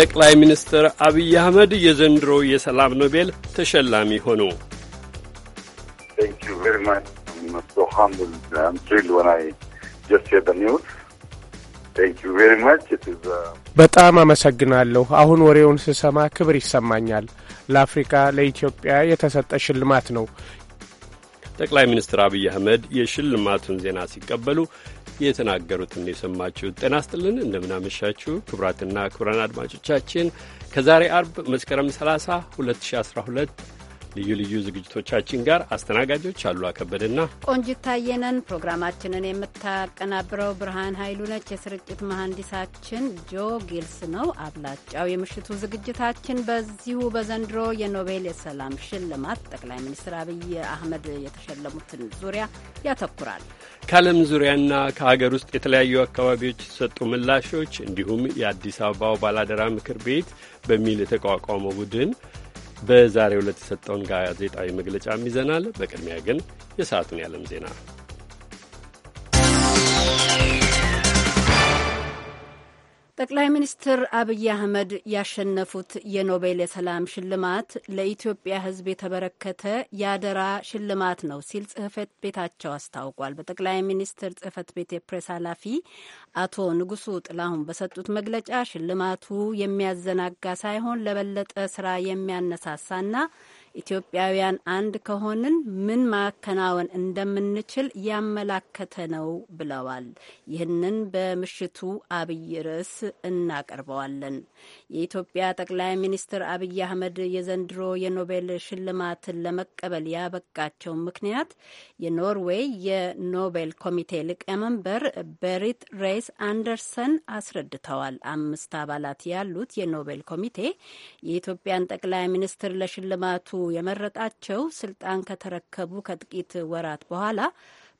ጠቅላይ ሚኒስትር አብይ አህመድ የዘንድሮ የሰላም ኖቤል ተሸላሚ ሆኑ። uh, በጣም አመሰግናለሁ። አሁን ወሬውን ስሰማ ክብር ይሰማኛል። ለአፍሪካ ለኢትዮጵያ የተሰጠ ሽልማት ነው። ጠቅላይ ሚኒስትር አብይ አህመድ የሽልማቱን ዜና ሲቀበሉ የተናገሩትን የሰማችሁት። ጤና ስጥልን እንደምናመሻችሁ ክቡራትና ክቡራን አድማጮቻችን ከዛሬ አርብ መስከረም 30 2012 ልዩ ልዩ ዝግጅቶቻችን ጋር አስተናጋጆች አሉ አከበደና ቆንጂት ታየነን። ፕሮግራማችንን የምታቀናብረው ብርሃን ኃይሉ ነች። የስርጭት መሐንዲሳችን ጆ ጊልስ ነው። አብላጫው የምሽቱ ዝግጅታችን በዚሁ በዘንድሮ የኖቤል የሰላም ሽልማት ጠቅላይ ሚኒስትር አብይ አህመድ የተሸለሙትን ዙሪያ ያተኩራል። ከዓለም ዙሪያና ከሀገር ውስጥ የተለያዩ አካባቢዎች የተሰጡ ምላሾች እንዲሁም የአዲስ አበባው ባላደራ ምክር ቤት በሚል የተቋቋመው ቡድን በዛሬ ዕለት የሰጠውን ጋዜጣዊ መግለጫም ይዘናል። በቅድሚያ ግን የሰዓቱን ያለም ዜና ጠቅላይ ሚኒስትር አብይ አህመድ ያሸነፉት የኖቤል የሰላም ሽልማት ለኢትዮጵያ ሕዝብ የተበረከተ የአደራ ሽልማት ነው ሲል ጽህፈት ቤታቸው አስታውቋል። በጠቅላይ ሚኒስትር ጽህፈት ቤት የፕሬስ ኃላፊ አቶ ንጉሱ ጥላሁን በሰጡት መግለጫ ሽልማቱ የሚያዘናጋ ሳይሆን ለበለጠ ስራ የሚያነሳሳና ኢትዮጵያውያን አንድ ከሆንን ምን ማከናወን እንደምንችል ያመላከተ ነው ብለዋል። ይህንን በምሽቱ አብይ ርዕስ እናቀርበዋለን። የኢትዮጵያ ጠቅላይ ሚኒስትር አብይ አህመድ የዘንድሮ የኖቤል ሽልማትን ለመቀበል ያበቃቸው ምክንያት የኖርዌይ የኖቤል ኮሚቴ ሊቀመንበር በሪት ሬይስ አንደርሰን አስረድተዋል። አምስት አባላት ያሉት የኖቤል ኮሚቴ የኢትዮጵያን ጠቅላይ ሚኒስትር ለሽልማቱ የመረጣቸው ስልጣን ከተረከቡ ከጥቂት ወራት በኋላ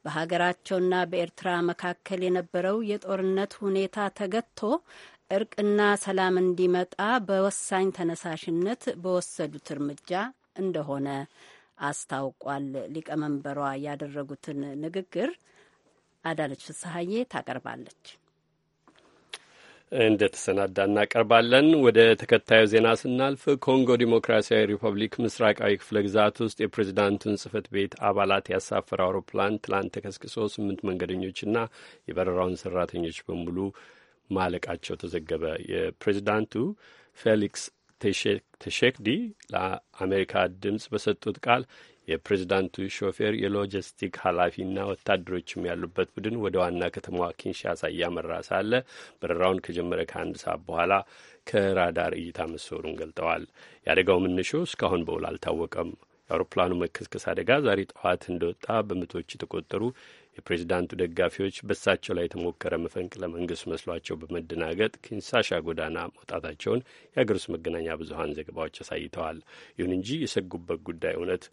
በሀገራቸውና በኤርትራ መካከል የነበረው የጦርነት ሁኔታ ተገቶ እርቅና ሰላም እንዲመጣ በወሳኝ ተነሳሽነት በወሰዱት እርምጃ እንደሆነ አስታውቋል። ሊቀመንበሯ ያደረጉትን ንግግር አዳለች ፍስሀዬ ታቀርባለች። እንደተሰናዳ እናቀርባለን። ወደ ተከታዩ ዜና ስናልፍ ኮንጎ ዲሞክራሲያዊ ሪፐብሊክ ምስራቃዊ ክፍለ ግዛት ውስጥ የፕሬዚዳንቱን ጽህፈት ቤት አባላት ያሳፈረ አውሮፕላን ትላንት ተከስክሶ ስምንት መንገደኞችና የበረራውን ሰራተኞች በሙሉ ማለቃቸው ተዘገበ። የፕሬዚዳንቱ ፌሊክስ ተሸክዲ ለአሜሪካ ድምፅ በሰጡት ቃል የፕሬዝዳንቱ ሾፌር የሎጂስቲክ ኃላፊና ወታደሮችም ያሉበት ቡድን ወደ ዋና ከተማዋ ኪንሻሳ እያመራ ሳለ በረራውን ከጀመረ ከአንድ ሰዓት በኋላ ከራዳር እይታ መሰወሩን ገልጠዋል። የአደጋው መነሾ እስካሁን በውል አልታወቀም። የአውሮፕላኑ መከስከስ አደጋ ዛሬ ጠዋት እንደወጣ በመቶዎች የተቆጠሩ የፕሬዝዳንቱ ደጋፊዎች በእሳቸው ላይ የተሞከረ መፈንቅለ መንግስት መስሏቸው በመደናገጥ ኪንሳሻ ጎዳና መውጣታቸውን የአገር ውስጥ መገናኛ ብዙኃን ዘገባዎች አሳይተዋል። ይሁን እንጂ የሰጉበት ጉዳይ እውነት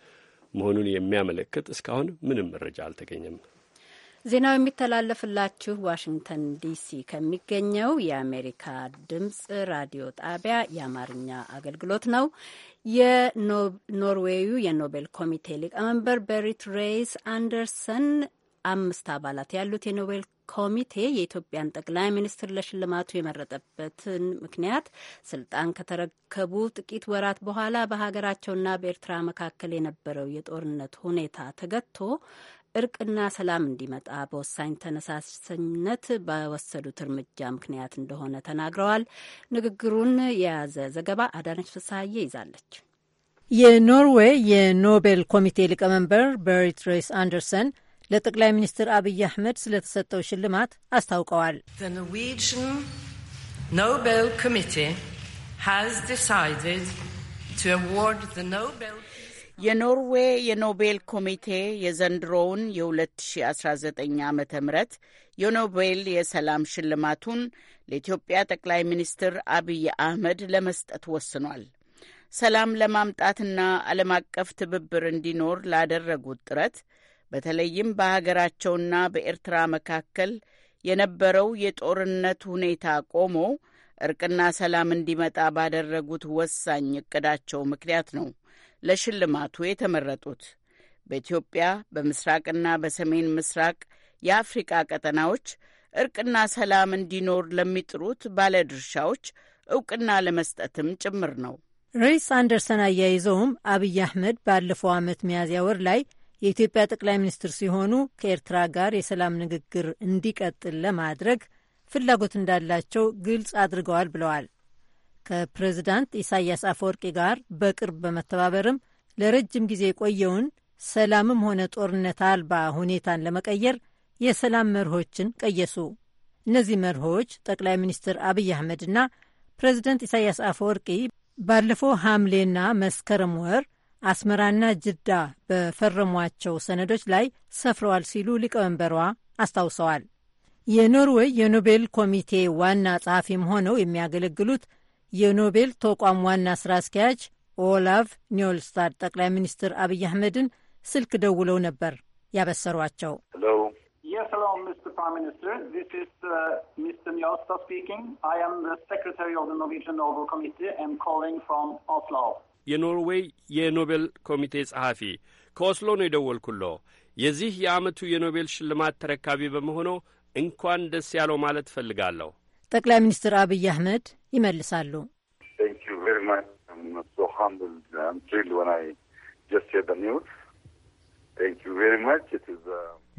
መሆኑን የሚያመለክት እስካሁን ምንም መረጃ አልተገኘም። ዜናው የሚተላለፍላችሁ ዋሽንግተን ዲሲ ከሚገኘው የአሜሪካ ድምጽ ራዲዮ ጣቢያ የአማርኛ አገልግሎት ነው። የኖርዌዩ የኖቤል ኮሚቴ ሊቀመንበር በሪት ሬይስ አንደርሰን አምስት አባላት ያሉት የኖቤል ኮሚቴ የኢትዮጵያን ጠቅላይ ሚኒስትር ለሽልማቱ የመረጠበትን ምክንያት ስልጣን ከተረከቡ ጥቂት ወራት በኋላ በሀገራቸውና በኤርትራ መካከል የነበረው የጦርነት ሁኔታ ተገቶ እርቅና ሰላም እንዲመጣ በወሳኝ ተነሳሰኝነት በወሰዱት እርምጃ ምክንያት እንደሆነ ተናግረዋል። ንግግሩን የያዘ ዘገባ አዳነች ፍስሀዬ ይዛለች። የኖርዌይ የኖቤል ኮሚቴ ሊቀመንበር በሪት ሬስ አንደርሰን ለጠቅላይ ሚኒስትር አብይ አህመድ ስለተሰጠው ሽልማት አስታውቀዋል። የኖርዌይ የኖቤል ኮሚቴ የዘንድሮውን የ2019 ዓ ም የኖቤል የሰላም ሽልማቱን ለኢትዮጵያ ጠቅላይ ሚኒስትር አብይ አህመድ ለመስጠት ወስኗል። ሰላም ለማምጣትና ዓለም አቀፍ ትብብር እንዲኖር ላደረጉት ጥረት በተለይም በሀገራቸውና በኤርትራ መካከል የነበረው የጦርነት ሁኔታ ቆሞ እርቅና ሰላም እንዲመጣ ባደረጉት ወሳኝ እቅዳቸው ምክንያት ነው ለሽልማቱ የተመረጡት። በኢትዮጵያ በምስራቅና በሰሜን ምስራቅ የአፍሪቃ ቀጠናዎች እርቅና ሰላም እንዲኖር ለሚጥሩት ባለድርሻዎች እውቅና ለመስጠትም ጭምር ነው። ሬይስ አንደርሰን አያይዘውም አብይ አህመድ ባለፈው ዓመት ሚያዝያ ወር ላይ የኢትዮጵያ ጠቅላይ ሚኒስትር ሲሆኑ ከኤርትራ ጋር የሰላም ንግግር እንዲቀጥል ለማድረግ ፍላጎት እንዳላቸው ግልጽ አድርገዋል ብለዋል። ከፕሬዚዳንት ኢሳያስ አፈወርቂ ጋር በቅርብ በመተባበርም ለረጅም ጊዜ የቆየውን ሰላምም ሆነ ጦርነት አልባ ሁኔታን ለመቀየር የሰላም መርሆችን ቀየሱ። እነዚህ መርሆች ጠቅላይ ሚኒስትር አብይ አህመድና ፕሬዚደንት ኢሳያስ አፈወርቂ ባለፈው ሐምሌና መስከረም ወር አስመራና ጅዳ በፈረሟቸው ሰነዶች ላይ ሰፍረዋል ሲሉ ሊቀመንበሯ አስታውሰዋል። የኖርዌይ የኖቤል ኮሚቴ ዋና ጸሐፊም ሆነው የሚያገለግሉት የኖቤል ተቋም ዋና ስራ አስኪያጅ ኦላቭ ኒዮልስታድ ጠቅላይ ሚኒስትር አብይ አህመድን ስልክ ደውለው ነበር ያበሰሯቸው። የኖርዌይ የኖቤል ኮሚቴ ጸሐፊ ከኦስሎ ነው የደወልኩሎ። የዚህ የዓመቱ የኖቤል ሽልማት ተረካቢ በመሆኖ እንኳን ደስ ያለው ማለት እፈልጋለሁ። ጠቅላይ ሚኒስትር አብይ አህመድ ይመልሳሉ።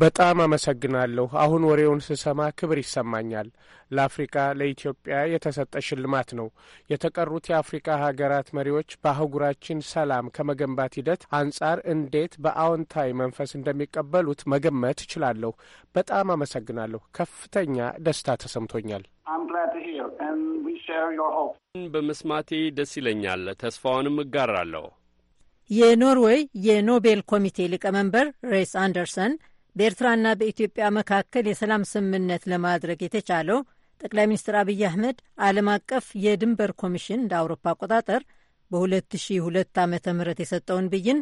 በጣም አመሰግናለሁ። አሁን ወሬውን ስሰማ ክብር ይሰማኛል። ለአፍሪካ ለኢትዮጵያ የተሰጠ ሽልማት ነው። የተቀሩት የአፍሪካ ሀገራት መሪዎች በአህጉራችን ሰላም ከመገንባት ሂደት አንጻር እንዴት በአዎንታዊ መንፈስ እንደሚቀበሉት መገመት እችላለሁ። በጣም አመሰግናለሁ። ከፍተኛ ደስታ ተሰምቶኛል። በመስማቴ ደስ ይለኛል። ተስፋውንም እጋራለሁ። የኖርዌይ የኖቤል ኮሚቴ ሊቀመንበር ሬስ አንደርሰን በኤርትራና በኢትዮጵያ መካከል የሰላም ስምምነት ለማድረግ የተቻለው ጠቅላይ ሚኒስትር አብይ አህመድ ዓለም አቀፍ የድንበር ኮሚሽን እንደ አውሮፓ አቆጣጠር በ2002 ዓ ም የሰጠውን ብይን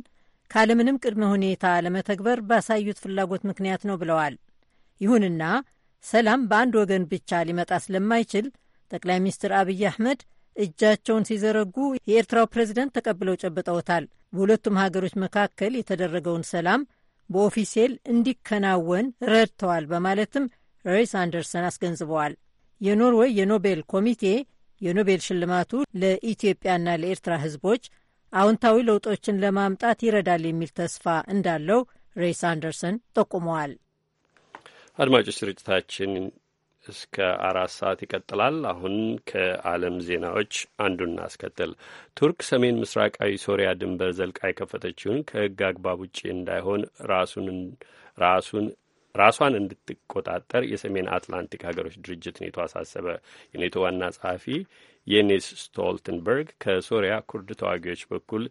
ካለምንም ቅድመ ሁኔታ ለመተግበር ባሳዩት ፍላጎት ምክንያት ነው ብለዋል። ይሁንና ሰላም በአንድ ወገን ብቻ ሊመጣ ስለማይችል ጠቅላይ ሚኒስትር አብይ አህመድ እጃቸውን ሲዘረጉ የኤርትራው ፕሬዝደንት ተቀብለው ጨብጠውታል። በሁለቱም ሀገሮች መካከል የተደረገውን ሰላም በኦፊሴል እንዲከናወን ረድተዋል በማለትም ሬይስ አንደርሰን አስገንዝበዋል። የኖርዌይ የኖቤል ኮሚቴ የኖቤል ሽልማቱ ለኢትዮጵያና ለኤርትራ ሕዝቦች አዎንታዊ ለውጦችን ለማምጣት ይረዳል የሚል ተስፋ እንዳለው ሬይስ አንደርሰን ጠቁመዋል። አድማጮች ስርጭታችን እስከ አራት ሰዓት ይቀጥላል። አሁን ከዓለም ዜናዎች አንዱን እናስከትል። ቱርክ ሰሜን ምስራቃዊ ሶሪያ ድንበር ዘልቃ የከፈተችውን ከህግ አግባብ ውጭ እንዳይሆን ራሱን ራሷን እንድትቆጣጠር የሰሜን አትላንቲክ ሀገሮች ድርጅት ኔቶ አሳሰበ። የኔቶ ዋና ጸሐፊ የኔስ ስቶልተንበርግ ከሶሪያ ኩርድ ተዋጊዎች በኩል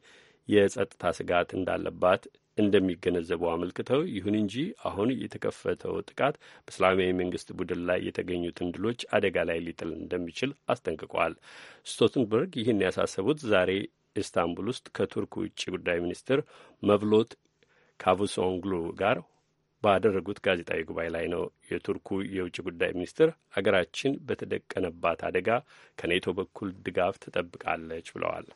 የጸጥታ ስጋት እንዳለባት እንደሚገነዘቡ አመልክተው ይሁን እንጂ አሁን የተከፈተው ጥቃት በእስላማዊ መንግስት ቡድን ላይ የተገኙትን ድሎች አደጋ ላይ ሊጥል እንደሚችል አስጠንቅቋል። ስቶልተንበርግ ይህን ያሳሰቡት ዛሬ ኢስታንቡል ውስጥ ከቱርክ ውጭ ጉዳይ ሚኒስትር መቭሎት ካቮሶንግሉ ጋር ባደረጉት ጋዜጣዊ ጉባኤ ላይ ነው። የቱርኩ የውጭ ጉዳይ ሚኒስትር አገራችን በተደቀነባት አደጋ ከኔቶ በኩል ድጋፍ ትጠብቃለች ብለዋል።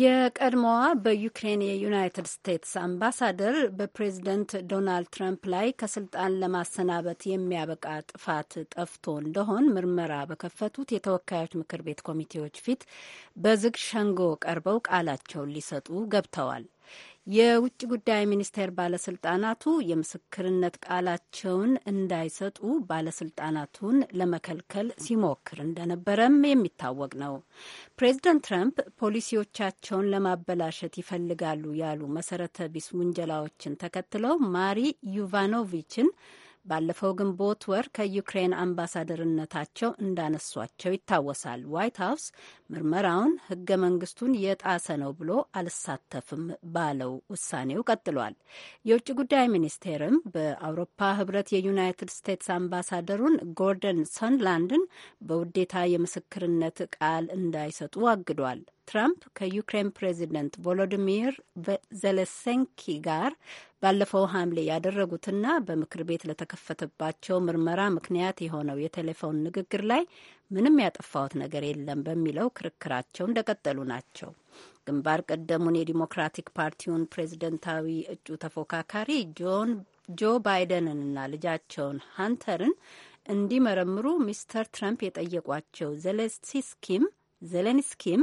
የቀድሞዋ በዩክሬን የዩናይትድ ስቴትስ አምባሳደር በፕሬዝደንት ዶናልድ ትራምፕ ላይ ከስልጣን ለማሰናበት የሚያበቃ ጥፋት ጠፍቶ እንደሆን ምርመራ በከፈቱት የተወካዮች ምክር ቤት ኮሚቴዎች ፊት በዝግ ሸንጎ ቀርበው ቃላቸውን ሊሰጡ ገብተዋል። የውጭ ጉዳይ ሚኒስቴር ባለስልጣናቱ የምስክርነት ቃላቸውን እንዳይሰጡ ባለስልጣናቱን ለመከልከል ሲሞክር እንደነበረም የሚታወቅ ነው። ፕሬዚደንት ትራምፕ ፖሊሲዎቻቸውን ለማበላሸት ይፈልጋሉ ያሉ መሰረተ ቢስ ውንጀላዎችን ተከትለው ማሪ ዩቫኖቪችን ባለፈው ግንቦት ወር ከዩክሬን አምባሳደርነታቸው እንዳነሷቸው ይታወሳል። ዋይት ሀውስ ምርመራውን ህገ መንግስቱን የጣሰ ነው ብሎ አልሳተፍም ባለው ውሳኔው ቀጥሏል። የውጭ ጉዳይ ሚኒስቴርም በአውሮፓ ህብረት የዩናይትድ ስቴትስ አምባሳደሩን ጎርደን ሰንላንድን በውዴታ የምስክርነት ቃል እንዳይሰጡ አግዷል። ትራምፕ ከዩክሬን ፕሬዚደንት ቮሎዲሚር ዘለሰንኪ ጋር ባለፈው ሐምሌ ያደረጉትና በምክር ቤት ለተከፈተባቸው ምርመራ ምክንያት የሆነው የቴሌፎን ንግግር ላይ ምንም ያጠፋሁት ነገር የለም በሚለው ክርክራቸው እንደቀጠሉ ናቸው። ግንባር ቀደሙን የዲሞክራቲክ ፓርቲውን ፕሬዝደንታዊ እጩ ተፎካካሪ ጆን ጆ ባይደንንና ልጃቸውን ሀንተርን እንዲመረምሩ ሚስተር ትራምፕ የጠየቋቸው ዘለንስኪም ዜሌንስኪም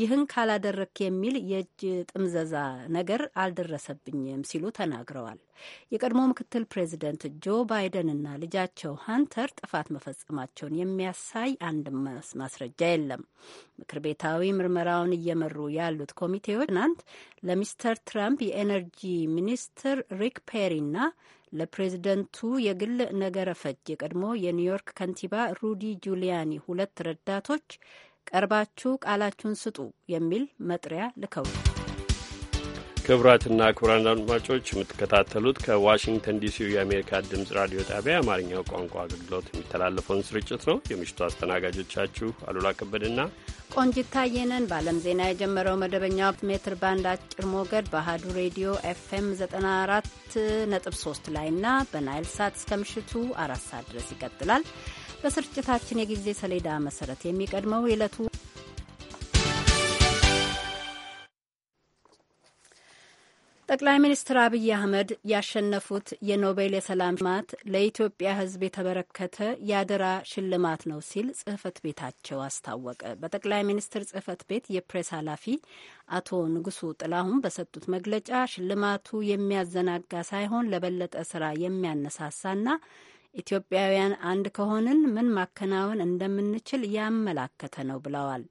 ይህን ካላደረክ የሚል የእጅ ጥምዘዛ ነገር አልደረሰብኝም ሲሉ ተናግረዋል። የቀድሞ ምክትል ፕሬዚደንት ጆ ባይደንና ልጃቸው ሀንተር ጥፋት መፈጸማቸውን የሚያሳይ አንድ ማስረጃ የለም። ምክር ቤታዊ ምርመራውን እየመሩ ያሉት ኮሚቴዎች ትናንት ለሚስተር ትራምፕ የኤነርጂ ሚኒስትር ሪክ ፔሪና ለፕሬዝደንቱ የግል ነገረ ፈጅ የቀድሞ የኒውዮርክ ከንቲባ ሩዲ ጁሊያኒ ሁለት ረዳቶች ቀርባችሁ ቃላችሁን ስጡ የሚል መጥሪያ ልከው ክቡራትና ክቡራን አድማጮች የምትከታተሉት ከዋሽንግተን ዲሲ የአሜሪካ ድምፅ ራዲዮ ጣቢያ የአማርኛው ቋንቋ አገልግሎት የሚተላለፈውን ስርጭት ነው። የምሽቱ አስተናጋጆቻችሁ አሉላ ከበድና ቆንጂት ታየ በዓለም ዜና የጀመረው መደበኛ ሜትር ባንድ አጭር ሞገድ በአሀዱ ሬዲዮ ኤፍኤም 3 ላይ እና በናይል ሳት እስከ ምሽቱ አራት ሰዓት ድረስ ይቀጥላል። በስርጭታችን የጊዜ ሰሌዳ መሰረት የሚቀድመው የዕለቱ ጠቅላይ ሚኒስትር አብይ አህመድ ያሸነፉት የኖቤል የሰላም ሽልማት ለኢትዮጵያ ሕዝብ የተበረከተ የአደራ ሽልማት ነው ሲል ጽህፈት ቤታቸው አስታወቀ። በጠቅላይ ሚኒስትር ጽህፈት ቤት የፕሬስ ኃላፊ አቶ ንጉሱ ጥላሁን በሰጡት መግለጫ ሽልማቱ የሚያዘናጋ ሳይሆን ለበለጠ ስራ የሚያነሳሳና ኢትዮጵያውያን አንድ ከሆንን ምን ማከናወን እንደምንችል ያመላከተ ነው ብለዋል።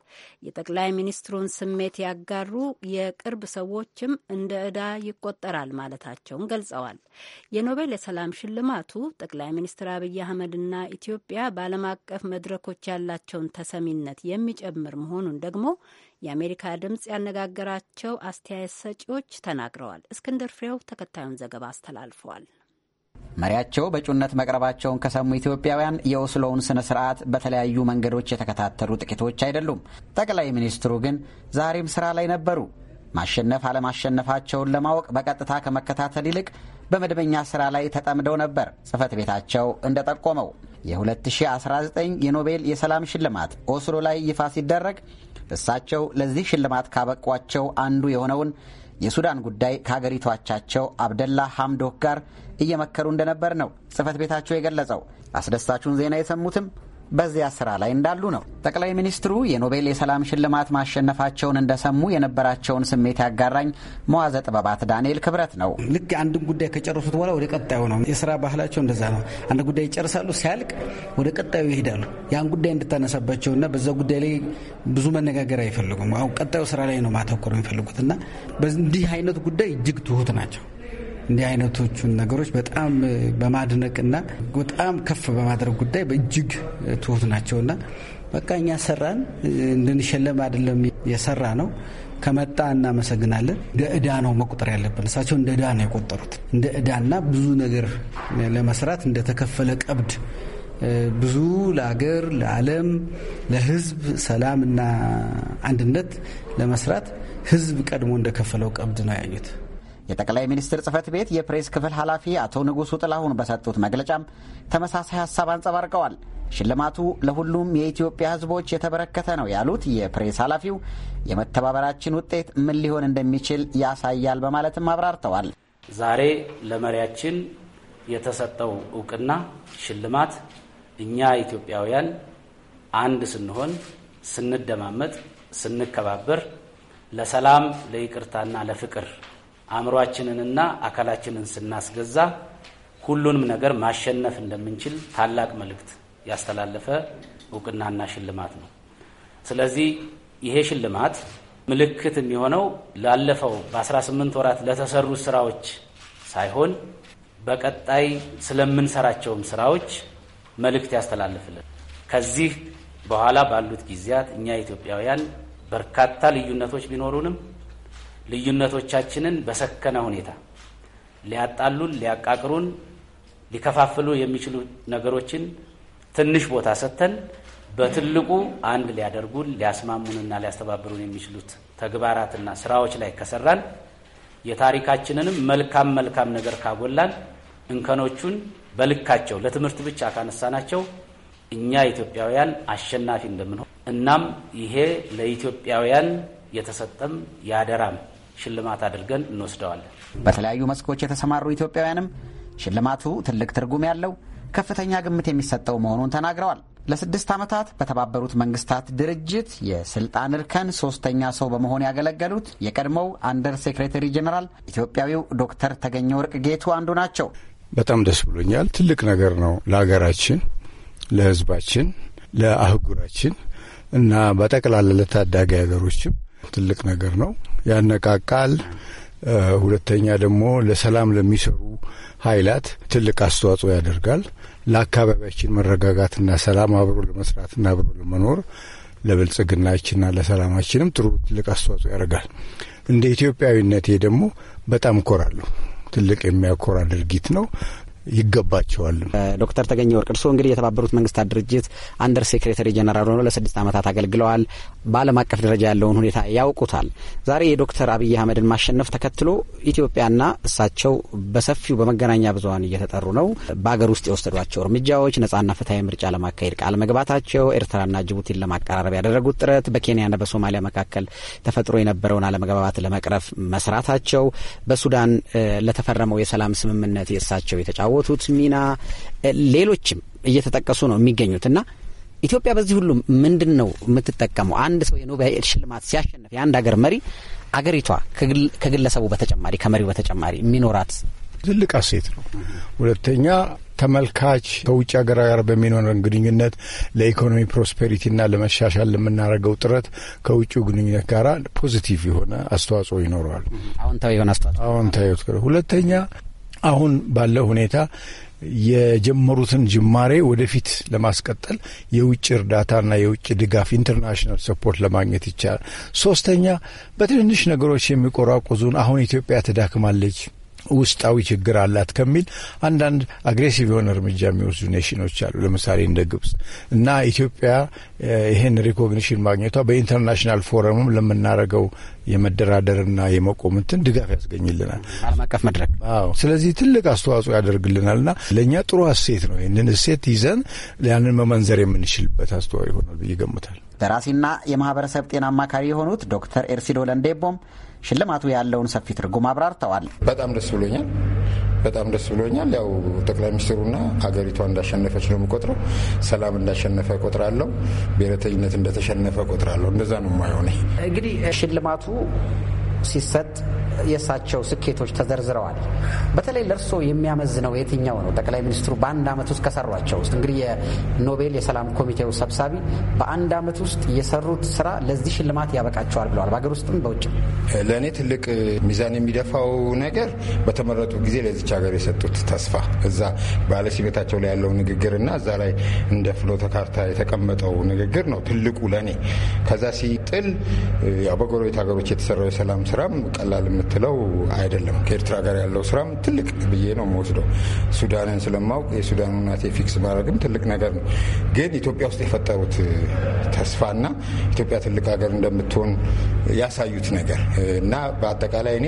የጠቅላይ ሚኒስትሩን ስሜት ያጋሩ የቅርብ ሰዎችም እንደ ዕዳ ይቆጠራል ማለታቸውን ገልጸዋል። የኖቤል የሰላም ሽልማቱ ጠቅላይ ሚኒስትር አብይ አህመድና ኢትዮጵያ በዓለም አቀፍ መድረኮች ያላቸውን ተሰሚነት የሚጨምር መሆኑን ደግሞ የአሜሪካ ድምፅ ያነጋገራቸው አስተያየት ሰጪዎች ተናግረዋል። እስክንድር ፍሬው ተከታዩን ዘገባ አስተላልፈዋል። መሪያቸው በእጩነት መቅረባቸውን ከሰሙ ኢትዮጵያውያን የኦስሎውን ስነ ስርዓት በተለያዩ መንገዶች የተከታተሉ ጥቂቶች አይደሉም። ጠቅላይ ሚኒስትሩ ግን ዛሬም ስራ ላይ ነበሩ። ማሸነፍ አለማሸነፋቸውን ለማወቅ በቀጥታ ከመከታተል ይልቅ በመደበኛ ስራ ላይ ተጠምደው ነበር። ጽህፈት ቤታቸው እንደጠቆመው የ2019 የኖቤል የሰላም ሽልማት ኦስሎ ላይ ይፋ ሲደረግ እሳቸው ለዚህ ሽልማት ካበቋቸው አንዱ የሆነውን የሱዳን ጉዳይ ከአገሪቷቻቸው አብደላ ሐምዶክ ጋር እየመከሩ እንደነበር ነው ጽህፈት ቤታቸው የገለጸው። አስደሳቹን ዜና የሰሙትም በዚያ ስራ ላይ እንዳሉ ነው። ጠቅላይ ሚኒስትሩ የኖቤል የሰላም ሽልማት ማሸነፋቸውን እንደሰሙ የነበራቸውን ስሜት ያጋራኝ መዋዘ ጥበባት ዳንኤል ክብረት ነው። ልክ አንድን ጉዳይ ከጨረሱት በኋላ ወደ ቀጣዩ ነው። የስራ ባህላቸው እንደዛ ነው። አንድ ጉዳይ ይጨርሳሉ፣ ሲያልቅ ወደ ቀጣዩ ይሄዳሉ። ያን ጉዳይ እንድታነሳባቸው እና በዛ ጉዳይ ላይ ብዙ መነጋገር አይፈልጉም። አሁን ቀጣዩ ስራ ላይ ነው ማተኮር የሚፈልጉት እና በእንዲህ አይነት ጉዳይ እጅግ ትሁት ናቸው። እንዲህ አይነቶቹን ነገሮች በጣም በማድነቅና በጣም ከፍ በማድረግ ጉዳይ በእጅግ ትሁት ናቸውና በቃ እኛ ሰራን እንድንሸለም አይደለም የሰራ ነው ከመጣ እናመሰግናለን። እንደ እዳ ነው መቁጠር ያለብን። እሳቸው እንደ እዳ ነው የቆጠሩት። እንደ እዳና ብዙ ነገር ለመስራት እንደተከፈለ ቀብድ ብዙ ለአገር፣ ለዓለም፣ ለህዝብ ሰላምና አንድነት ለመስራት ህዝብ ቀድሞ እንደከፈለው ቀብድ ነው ያዩት። የጠቅላይ ሚኒስትር ጽህፈት ቤት የፕሬስ ክፍል ኃላፊ አቶ ንጉሱ ጥላሁን በሰጡት መግለጫም ተመሳሳይ ሀሳብ አንጸባርቀዋል። ሽልማቱ ለሁሉም የኢትዮጵያ ሕዝቦች የተበረከተ ነው ያሉት የፕሬስ ኃላፊው የመተባበራችን ውጤት ምን ሊሆን እንደሚችል ያሳያል በማለትም አብራርተዋል። ዛሬ ለመሪያችን የተሰጠው እውቅና ሽልማት እኛ ኢትዮጵያውያን አንድ ስንሆን፣ ስንደማመጥ፣ ስንከባበር፣ ለሰላም ለይቅርታና ለፍቅር አእምሯችንንና አካላችንን ስናስገዛ ሁሉንም ነገር ማሸነፍ እንደምንችል ታላቅ መልእክት ያስተላለፈ እውቅናና ሽልማት ነው። ስለዚህ ይሄ ሽልማት ምልክት የሚሆነው ላለፈው በ18 ወራት ለተሰሩ ስራዎች ሳይሆን በቀጣይ ስለምንሰራቸውም ስራዎች መልእክት ያስተላልፍልን። ከዚህ በኋላ ባሉት ጊዜያት እኛ ኢትዮጵያውያን በርካታ ልዩነቶች ቢኖሩንም ልዩነቶቻችንን በሰከነ ሁኔታ ሊያጣሉን፣ ሊያቃቅሩን፣ ሊከፋፍሉ የሚችሉ ነገሮችን ትንሽ ቦታ ሰጥተን በትልቁ አንድ ሊያደርጉን ሊያስማሙንና ሊያስተባብሩን የሚችሉት ተግባራትና ስራዎች ላይ ከሰራን የታሪካችንንም መልካም መልካም ነገር ካጎላን እንከኖቹን በልካቸው ለትምህርት ብቻ ካነሳናቸው እኛ ኢትዮጵያውያን አሸናፊ እንደምንሆን እናም ይሄ ለኢትዮጵያውያን የተሰጠም ያደራም ሽልማት አድርገን እንወስደዋለን። በተለያዩ መስኮች የተሰማሩ ኢትዮጵያውያንም ሽልማቱ ትልቅ ትርጉም ያለው ከፍተኛ ግምት የሚሰጠው መሆኑን ተናግረዋል። ለስድስት ዓመታት በተባበሩት መንግስታት ድርጅት የስልጣን እርከን ሶስተኛ ሰው በመሆን ያገለገሉት የቀድሞው አንደር ሴክሬተሪ ጀኔራል ኢትዮጵያዊው ዶክተር ተገኘ ወርቅ ጌቱ አንዱ ናቸው። በጣም ደስ ብሎኛል። ትልቅ ነገር ነው ለሀገራችን፣ ለህዝባችን፣ ለአህጉራችን እና በጠቅላላ ለታዳጊ ሀገሮችም ትልቅ ነገር ነው። ያነቃቃል። ሁለተኛ ደግሞ ለሰላም ለሚሰሩ ኃይላት ትልቅ አስተዋጽኦ ያደርጋል። ለአካባቢያችን መረጋጋትና ሰላም አብሮ ለመስራትና አብሮ ለመኖር ለብልጽግናችንና ለሰላማችንም ጥሩ ትልቅ አስተዋጽኦ ያደርጋል። እንደ ኢትዮጵያዊነቴ ደግሞ በጣም ኮራለሁ። ትልቅ የሚያኮራ ድርጊት ነው። ይገባቸዋል። ዶክተር ተገኘ ወርቅ እርስዎ እንግዲህ የተባበሩት መንግስታት ድርጅት አንደር ሴክሬተሪ ጀነራል ሆነው ለስድስት ዓመታት አገልግለዋል። በዓለም አቀፍ ደረጃ ያለውን ሁኔታ ያውቁታል። ዛሬ የዶክተር አብይ አህመድን ማሸነፍ ተከትሎ ኢትዮጵያና እሳቸው በሰፊው በመገናኛ ብዙኃን እየተጠሩ ነው። በሀገር ውስጥ የወሰዷቸው እርምጃዎች ነጻና ፍትሐዊ ምርጫ ለማካሄድ ቃል መግባታቸው፣ ኤርትራና ጅቡቲን ለማቀራረብ ያደረጉት ጥረት፣ በኬንያና በሶማሊያ መካከል ተፈጥሮ የነበረውን አለመግባባት ለመቅረፍ መስራታቸው፣ በሱዳን ለተፈረመው የሰላም ስምምነት የእሳቸው የተጫወ የተጫወቱት ሚና ሌሎችም እየተጠቀሱ ነው የሚገኙት እና ኢትዮጵያ በዚህ ሁሉ ምንድን ነው የምትጠቀመው? አንድ ሰው የኖቤል ሽልማት ሲያሸንፍ የአንድ ሀገር መሪ አገሪቷ ከግለሰቡ በተጨማሪ ከመሪው በተጨማሪ የሚኖራት ትልቅ አሴት ነው። ሁለተኛ ተመልካች ከውጭ ሀገር ጋር በሚኖረን ግንኙነት ለኢኮኖሚ ፕሮስፔሪቲና ለመሻሻል ለምናደርገው ጥረት ከውጭ ግንኙነት ጋር ፖዚቲቭ የሆነ አስተዋጽኦ ይኖረዋል። አዎንታዊ የሆነ አስተዋጽኦ። ሁለተኛ አሁን ባለው ሁኔታ የጀመሩትን ጅማሬ ወደፊት ለማስቀጠል የውጭ እርዳታና የውጭ ድጋፍ ኢንተርናሽናል ሰፖርት ለማግኘት ይቻላል። ሶስተኛ፣ በትንንሽ ነገሮች የሚቆራቆዙን አሁን ኢትዮጵያ ትዳክማለች ውስጣዊ ችግር አላት ከሚል አንዳንድ አግሬሲቭ የሆነ እርምጃ የሚወስዱ ኔሽኖች አሉ። ለምሳሌ እንደ ግብጽ እና ኢትዮጵያ eh, ይህን ሪኮግኒሽን ማግኘቷ በኢንተርናሽናል ፎረምም ለምናደርገው የመደራደርና የመቆምትን ድጋፍ ያስገኝልናል። ዓለም አቀፍ መድረክ። አዎ፣ ስለዚህ ትልቅ አስተዋጽኦ ያደርግልናልና ለእኛ ጥሩ እሴት ነው። ይህንን እሴት ይዘን ያንን መመንዘር የምንችልበት አስተዋጽኦ ይሆናል ብዬ ገምታል። ደራሲና የማህበረሰብ ጤና አማካሪ የሆኑት ዶክተር ኤርሲዶ ለንዴቦም ሽልማቱ ያለውን ሰፊ ትርጉም አብራርተዋል። በጣም ደስ ብሎኛል። በጣም ደስ ብሎኛል። ያው ጠቅላይ ሚኒስትሩና ሀገሪቷ እንዳሸነፈች ነው የምቆጥረው። ሰላም እንዳሸነፈ ቆጥራለሁ። ብሔረተኝነት እንደተሸነፈ ቆጥራለሁ። እንደዛ ነው የማይሆነ እንግዲህ ሽልማቱ ሲሰጥ የእሳቸው ስኬቶች ተዘርዝረዋል። በተለይ ለእርስዎ የሚያመዝነው የትኛው ነው? ጠቅላይ ሚኒስትሩ በአንድ ዓመት ውስጥ ከሰሯቸው ውስጥ እንግዲህ የኖቤል የሰላም ኮሚቴው ሰብሳቢ በአንድ ዓመት ውስጥ የሰሩት ስራ ለዚህ ሽልማት ያበቃቸዋል ብለዋል። በሀገር ውስጥም በውጭ ለእኔ ትልቅ ሚዛን የሚደፋው ነገር በተመረጡ ጊዜ ለዚች ሀገር የሰጡት ተስፋ እዛ ባለሲቤታቸው ላይ ያለው እና እዛ ላይ እንደ ፍኖተ ካርታ የተቀመጠው ንግግር ነው ትልቁ ለእኔ። ከዛ ሲጥል በጎረቤት ሀገሮች የተሰራው የሰላም ስራም ቀላል የምትለው አይደለም። ከኤርትራ ጋር ያለው ስራም ትልቅ ብዬ ነው የምወስደው። ሱዳንን ስለማውቅ የሱዳን ናቴ ፊክስ ማድረግም ትልቅ ነገር ነው። ግን ኢትዮጵያ ውስጥ የፈጠሩት ተስፋና ኢትዮጵያ ትልቅ ሀገር እንደምትሆን ያሳዩት ነገር እና በአጠቃላይ እኔ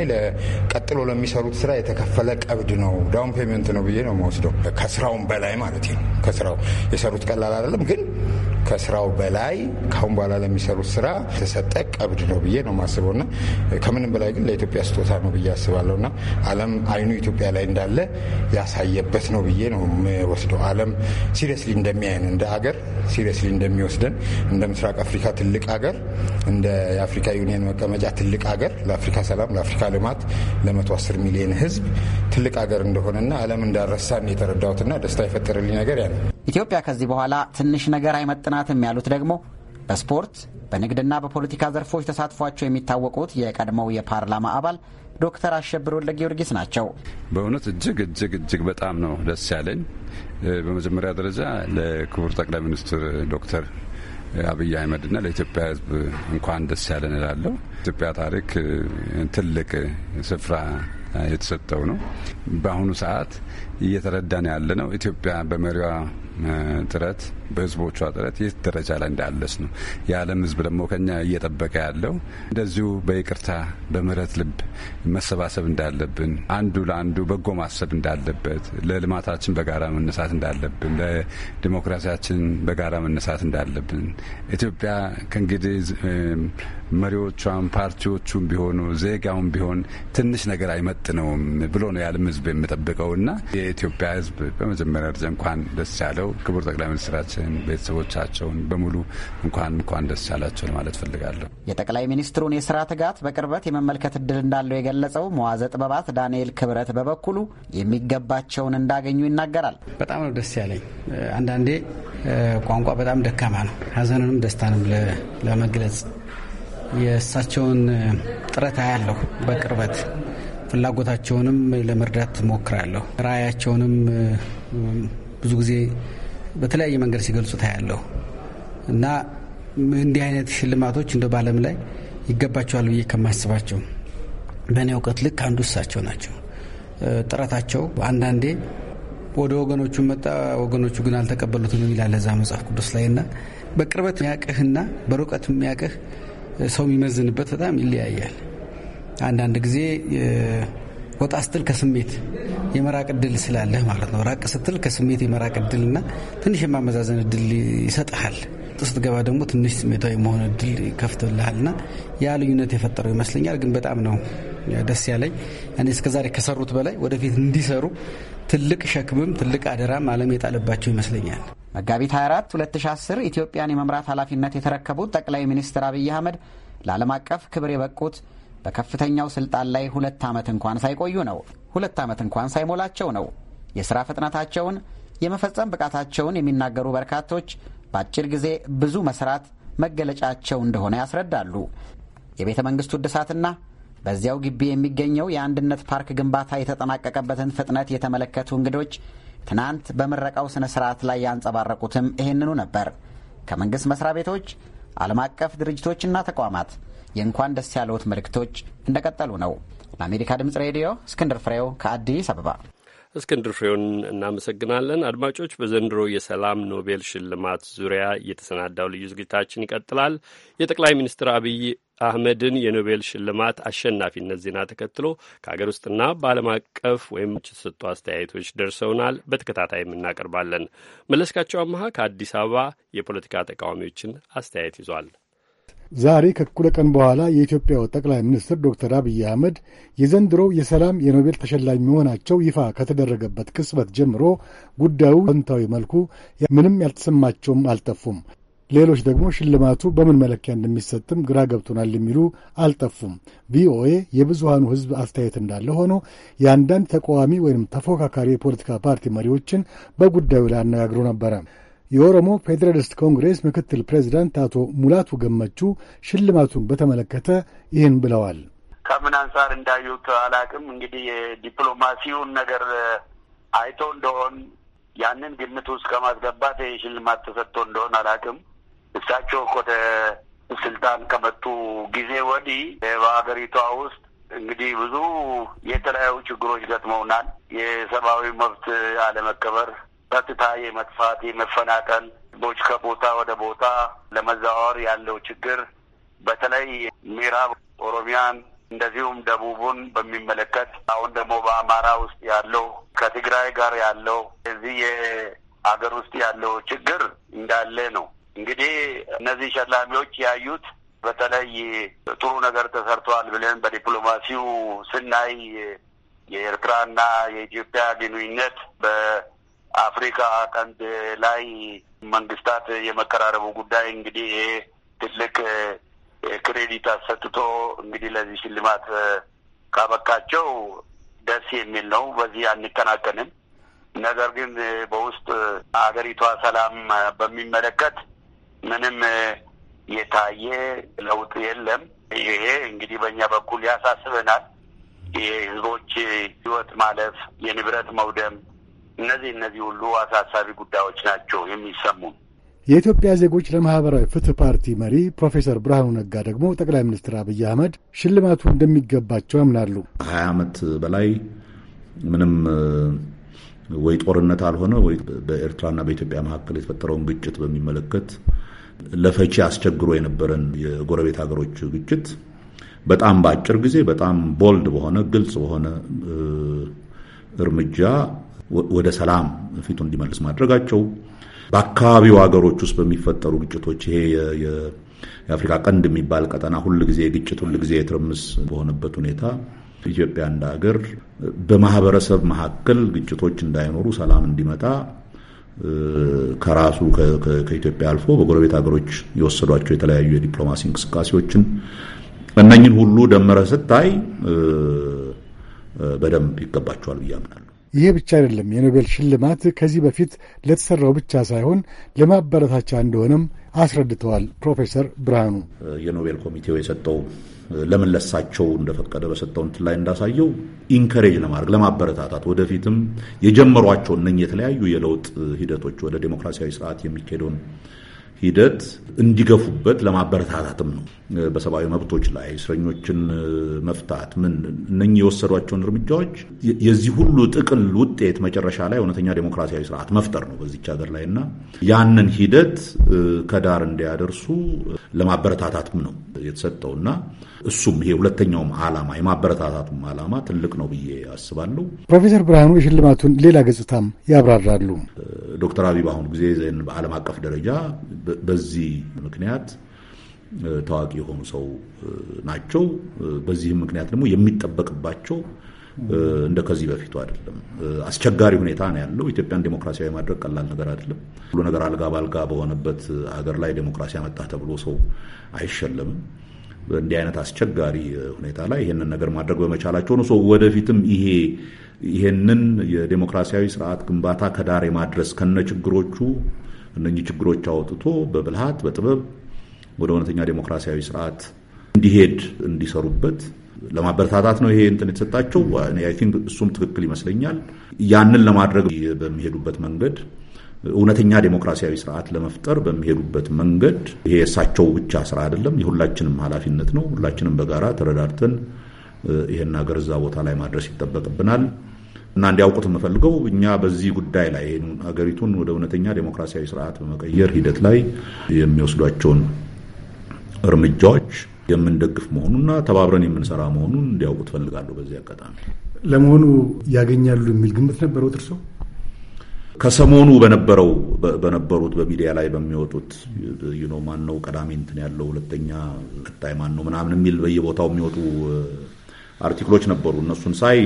ቀጥሎ ለሚሰሩት ስራ የተከፈለ ቀብድ ነው፣ ዳውን ፔመንት ነው ብዬ ነው የምወስደው። ከስራውም በላይ ማለት ነው። ከስራው የሰሩት ቀላል አይደለም ግን ከስራው በላይ ካሁን በኋላ ለሚሰሩት ስራ የተሰጠ ቀብድ ነው ብዬ ነው ማስበው ና ከምንም በላይ ግን ለኢትዮጵያ ስጦታ ነው ብዬ አስባለሁ ና አለም አይኑ ኢትዮጵያ ላይ እንዳለ ያሳየበት ነው ብዬ ነው ወስደው አለም ሲሪየስሊ እንደሚያየን እንደ አገር ሲሪየስሊ እንደሚወስደን እንደ ምስራቅ አፍሪካ ትልቅ አገር እንደ የአፍሪካ ዩኒየን መቀመጫ ትልቅ አገር ለአፍሪካ ሰላም፣ ለአፍሪካ ልማት ለ110 ሚሊዮን ህዝብ ትልቅ አገር እንደሆነና አለም እንዳረሳን የተረዳሁትና ደስታ የፈጠረልኝ ነገር ያ ነው። ኢትዮጵያ ከዚህ በኋላ ትንሽ ነገር አይመጥናል አናትም ያሉት ደግሞ በስፖርት በንግድና በፖለቲካ ዘርፎች ተሳትፏቸው የሚታወቁት የቀድሞው የፓርላማ አባል ዶክተር አሸብር ወልደ ጊዮርጊስ ናቸው። በእውነት እጅግ እጅግ እጅግ በጣም ነው ደስ ያለኝ። በመጀመሪያ ደረጃ ለክቡር ጠቅላይ ሚኒስትር ዶክተር አብይ አህመድና ለኢትዮጵያ ሕዝብ እንኳን ደስ ያለን እላለሁ። ኢትዮጵያ ታሪክ ትልቅ ስፍራ የተሰጠው ነው። በአሁኑ ሰዓት እየተረዳን ያለ ነው ኢትዮጵያ በመሪዋ ጥረት በህዝቦቿ ጥረት የት ደረጃ ላይ እንዳለስ ነው። የዓለም ህዝብ ደግሞ ከኛ እየጠበቀ ያለው እንደዚሁ በይቅርታ በምህረት ልብ መሰባሰብ እንዳለብን፣ አንዱ ለአንዱ በጎ ማሰብ እንዳለበት፣ ለልማታችን በጋራ መነሳት እንዳለብን፣ ለዲሞክራሲያችን በጋራ መነሳት እንዳለብን ኢትዮጵያ ከእንግዲህ መሪዎቿም ፓርቲዎቹም ቢሆኑ ዜጋውም ቢሆን ትንሽ ነገር አይመጥነውም ብሎ ነው የዓለም ህዝብ የሚጠብቀውና የኢትዮጵያ ህዝብ በመጀመሪያ ደረጃ እንኳን ደስ ያለው ያላቸው ክቡር ጠቅላይ ሚኒስትራችን ቤተሰቦቻቸውን በሙሉ እንኳን እንኳን ደስ ያላቸው ለማለት ፈልጋለሁ። የጠቅላይ ሚኒስትሩን የስራ ትጋት በቅርበት የመመልከት እድል እንዳለው የገለጸው መዋዘ ጥበባት ዳንኤል ክብረት በበኩሉ የሚገባቸውን እንዳገኙ ይናገራል። በጣም ነው ደስ ያለኝ። አንዳንዴ ቋንቋ በጣም ደካማ ነው፣ ሀዘንንም ደስታንም ለመግለጽ የእሳቸውን ጥረት አያለሁ በቅርበት ፍላጎታቸውንም ለመርዳት ሞክራለሁ። ራያቸውንም ። ብዙ ጊዜ በተለያየ መንገድ ሲገልጹ ታያለሁ እና እንዲህ አይነት ሽልማቶች እንደ በዓለም ላይ ይገባቸዋል ብዬ ከማስባቸው በእኔ እውቀት ልክ አንዱ እሳቸው ናቸው። ጥረታቸው አንዳንዴ ወደ ወገኖቹ መጣ፣ ወገኖቹ ግን አልተቀበሉትም ይላል እዛ መጽሐፍ ቅዱስ ላይ እና በቅርበት የሚያቅህና በሩቀት የሚያቅህ ሰው የሚመዝንበት በጣም ይለያያል። አንዳንድ ጊዜ ወጣ ስትል ከስሜት የመራቅ እድል ስላለህ ማለት ነው። ራቅ ስትል ከስሜት የመራቅ እድልና ትንሽ የማመዛዘን እድል ይሰጥሃል። ስትገባ ደግሞ ትንሽ ስሜታዊ መሆን እድል ይከፍትልሃልና ያ ልዩነት የፈጠረው ይመስለኛል። ግን በጣም ነው ደስ ያለኝ እኔ እስከዛሬ ከሰሩት በላይ ወደፊት እንዲሰሩ ትልቅ ሸክምም ትልቅ አደራም ዓለም የጣለባቸው ይመስለኛል። መጋቢት 24 2010 ኢትዮጵያን የመምራት ኃላፊነት የተረከቡት ጠቅላይ ሚኒስትር አብይ አህመድ ለዓለም አቀፍ ክብር የበቁት በከፍተኛው ስልጣን ላይ ሁለት ዓመት እንኳን ሳይቆዩ ነው። ሁለት ዓመት እንኳን ሳይሞላቸው ነው። የሥራ ፍጥነታቸውን፣ የመፈጸም ብቃታቸውን የሚናገሩ በርካቶች በአጭር ጊዜ ብዙ መስራት መገለጫቸው እንደሆነ ያስረዳሉ። የቤተ መንግሥቱ እድሳትና በዚያው ግቢ የሚገኘው የአንድነት ፓርክ ግንባታ የተጠናቀቀበትን ፍጥነት የተመለከቱ እንግዶች ትናንት በምረቃው ሥነ ሥርዓት ላይ ያንጸባረቁትም ይህንኑ ነበር። ከመንግሥት መሥሪያ ቤቶች፣ ዓለም አቀፍ ድርጅቶችና ተቋማት የእንኳን ደስ ያለዎት መልእክቶች እንደቀጠሉ ነው። ለአሜሪካ ድምጽ ሬዲዮ እስክንድር ፍሬው ከአዲስ አበባ። እስክንድር ፍሬውን እናመሰግናለን። አድማጮች፣ በዘንድሮ የሰላም ኖቤል ሽልማት ዙሪያ የተሰናዳው ልዩ ዝግጅታችን ይቀጥላል። የጠቅላይ ሚኒስትር አብይ አህመድን የኖቤል ሽልማት አሸናፊነት ዜና ተከትሎ ከሀገር ውስጥና በዓለም አቀፍ ወይም የተሰጡ አስተያየቶች ደርሰውናል። በተከታታይ እናቀርባለን። መለስካቸው አመሀ ከአዲስ አበባ የፖለቲካ ተቃዋሚዎችን አስተያየት ይዟል። ዛሬ ከእኩለ ቀን በኋላ የኢትዮጵያው ጠቅላይ ሚኒስትር ዶክተር አብይ አህመድ የዘንድሮው የሰላም የኖቤል ተሸላሚ መሆናቸው ይፋ ከተደረገበት ቅጽበት ጀምሮ ጉዳዩ ወንታዊ መልኩ ምንም ያልተሰማቸውም አልጠፉም። ሌሎች ደግሞ ሽልማቱ በምን መለኪያ እንደሚሰጥም ግራ ገብቶናል የሚሉ አልጠፉም። ቪኦኤ የብዙሃኑ ሕዝብ አስተያየት እንዳለ ሆኖ የአንዳንድ ተቃዋሚ ወይም ተፎካካሪ የፖለቲካ ፓርቲ መሪዎችን በጉዳዩ ላይ አነጋግሮ ነበረ። የኦሮሞ ፌዴራሊስት ኮንግሬስ ምክትል ፕሬዚዳንት አቶ ሙላቱ ገመቹ ሽልማቱን በተመለከተ ይህን ብለዋል። ከምን አንጻር እንዳዩት አላቅም። እንግዲህ የዲፕሎማሲውን ነገር አይቶ እንደሆን ያንን ግምት ውስጥ ከማስገባት ሽልማት ተሰጥቶ እንደሆን አላቅም። እሳቸው ወደ ስልጣን ከመጡ ጊዜ ወዲህ በሀገሪቷ ውስጥ እንግዲህ ብዙ የተለያዩ ችግሮች ገጥመውናል። የሰብአዊ መብት አለመከበር ጸጥታ የመጥፋት የመፈናቀል ቦች ከቦታ ወደ ቦታ ለመዘዋወር ያለው ችግር በተለይ ምዕራብ ኦሮሚያን እንደዚሁም ደቡቡን በሚመለከት አሁን ደግሞ በአማራ ውስጥ ያለው ከትግራይ ጋር ያለው እዚህ የአገር ውስጥ ያለው ችግር እንዳለ ነው። እንግዲህ እነዚህ ሸላሚዎች ያዩት በተለይ ጥሩ ነገር ተሰርቷል ብለን በዲፕሎማሲው ስናይ የኤርትራና የኢትዮጵያ ግንኙነት በ አፍሪካ ቀንድ ላይ መንግስታት የመቀራረቡ ጉዳይ እንግዲህ ይሄ ትልቅ ክሬዲት አሰጥቶ እንግዲህ ለዚህ ሽልማት ካበቃቸው ደስ የሚል ነው። በዚህ አንቀናቀንም። ነገር ግን በውስጥ ሀገሪቷ ሰላም በሚመለከት ምንም የታየ ለውጥ የለም። ይሄ እንግዲህ በእኛ በኩል ያሳስበናል። የህዝቦች ህይወት ማለፍ፣ የንብረት መውደም እነዚህ እነዚህ ሁሉ አሳሳቢ ጉዳዮች ናቸው የሚሰሙ። የኢትዮጵያ ዜጎች ለማህበራዊ ፍትህ ፓርቲ መሪ ፕሮፌሰር ብርሃኑ ነጋ ደግሞ ጠቅላይ ሚኒስትር አብይ አህመድ ሽልማቱ እንደሚገባቸው ያምናሉ። ከሀያ ዓመት በላይ ምንም ወይ ጦርነት አልሆነ ወይ በኤርትራና በኢትዮጵያ መካከል የተፈጠረውን ግጭት በሚመለከት ለፈቺ አስቸግሮ የነበረን የጎረቤት ሀገሮች ግጭት በጣም በአጭር ጊዜ በጣም ቦልድ በሆነ ግልጽ በሆነ እርምጃ ወደ ሰላም ፊቱ እንዲመልስ ማድረጋቸው በአካባቢው ሀገሮች ውስጥ በሚፈጠሩ ግጭቶች ይሄ የአፍሪካ ቀንድ የሚባል ቀጠና ሁል ጊዜ ግጭት ሁል ጊዜ የትርምስ በሆነበት ሁኔታ ኢትዮጵያ እንደ ሀገር በማህበረሰብ መካከል ግጭቶች እንዳይኖሩ ሰላም እንዲመጣ ከራሱ ከኢትዮጵያ አልፎ በጎረቤት ሀገሮች የወሰዷቸው የተለያዩ የዲፕሎማሲ እንቅስቃሴዎችን እነኝን ሁሉ ደመረ ስታይ በደንብ ይገባቸዋል ብዬ አምናለሁ። ይሄ ብቻ አይደለም። የኖቤል ሽልማት ከዚህ በፊት ለተሠራው ብቻ ሳይሆን ለማበረታቻ እንደሆነም አስረድተዋል ፕሮፌሰር ብርሃኑ። የኖቤል ኮሚቴው የሰጠው ለምን ለሳቸው እንደፈቀደ በሰጠው እንትን ላይ እንዳሳየው ኢንከሬጅ ለማድረግ ለማበረታታት፣ ወደፊትም የጀመሯቸው እነኝህ የተለያዩ የለውጥ ሂደቶች ወደ ዴሞክራሲያዊ ስርዓት የሚካሄደውን ሂደት እንዲገፉበት ለማበረታታትም ነው። በሰብአዊ መብቶች ላይ እስረኞችን መፍታት ምን እነኚህ የወሰዷቸውን እርምጃዎች የዚህ ሁሉ ጥቅል ውጤት መጨረሻ ላይ እውነተኛ ዴሞክራሲያዊ ስርዓት መፍጠር ነው በዚች ሀገር ላይ እና ያንን ሂደት ከዳር እንዲያደርሱ ለማበረታታትም ነው የተሰጠው እና እሱም ይሄ ሁለተኛውም ዓላማ የማበረታታቱም ዓላማ ትልቅ ነው ብዬ አስባለሁ። ፕሮፌሰር ብርሃኑ የሽልማቱን ሌላ ገጽታም ያብራራሉ። ዶክተር አብይ በአሁኑ ጊዜ በዓለም አቀፍ ደረጃ በዚህ ምክንያት ታዋቂ የሆኑ ሰው ናቸው። በዚህም ምክንያት ደግሞ የሚጠበቅባቸው እንደ ከዚህ በፊቱ አይደለም። አስቸጋሪ ሁኔታ ነው ያለው። ኢትዮጵያን ዴሞክራሲያዊ ማድረግ ቀላል ነገር አይደለም። ሁሉ ነገር አልጋ ባልጋ በሆነበት ሀገር ላይ ዴሞክራሲ መጣ ተብሎ ሰው አይሸለምም። እንዲህ አይነት አስቸጋሪ ሁኔታ ላይ ይህንን ነገር ማድረግ በመቻላቸው ነው ሰው ወደፊትም ይሄ ይህንን የዴሞክራሲያዊ ስርዓት ግንባታ ከዳር የማድረስ ከነ ችግሮቹ እነኚህ ችግሮች አውጥቶ በብልሃት በጥበብ ወደ እውነተኛ ዴሞክራሲያዊ ስርዓት እንዲሄድ እንዲሰሩበት ለማበረታታት ነው ይሄ እንትን የተሰጣቸው። እሱም ትክክል ይመስለኛል። ያንን ለማድረግ በሚሄዱበት መንገድ እውነተኛ ዴሞክራሲያዊ ስርዓት ለመፍጠር በሚሄዱበት መንገድ ይሄ የእሳቸው ብቻ ስራ አይደለም፣ የሁላችንም ኃላፊነት ነው። ሁላችንም በጋራ ተረዳድተን ይሄን ሀገር እዛ ቦታ ላይ ማድረስ ይጠበቅብናል። እና እንዲያውቁት የምፈልገው እኛ በዚህ ጉዳይ ላይ ሀገሪቱን ወደ እውነተኛ ዴሞክራሲያዊ ስርዓት በመቀየር ሂደት ላይ የሚወስዷቸውን እርምጃዎች የምንደግፍ መሆኑና ተባብረን የምንሰራ መሆኑን እንዲያውቁት ፈልጋለሁ። በዚህ አጋጣሚ ለመሆኑ ያገኛሉ የሚል ግምት ነበረው እርሶ? ከሰሞኑ በነበረው በነበሩት በሚዲያ ላይ በሚወጡት ዩኖ ማን ነው ቀዳሚ እንትን ያለው ሁለተኛ ቀጣይ ማን ነው ምናምን የሚል በየቦታው የሚወጡ አርቲክሎች ነበሩ። እነሱን ሳይ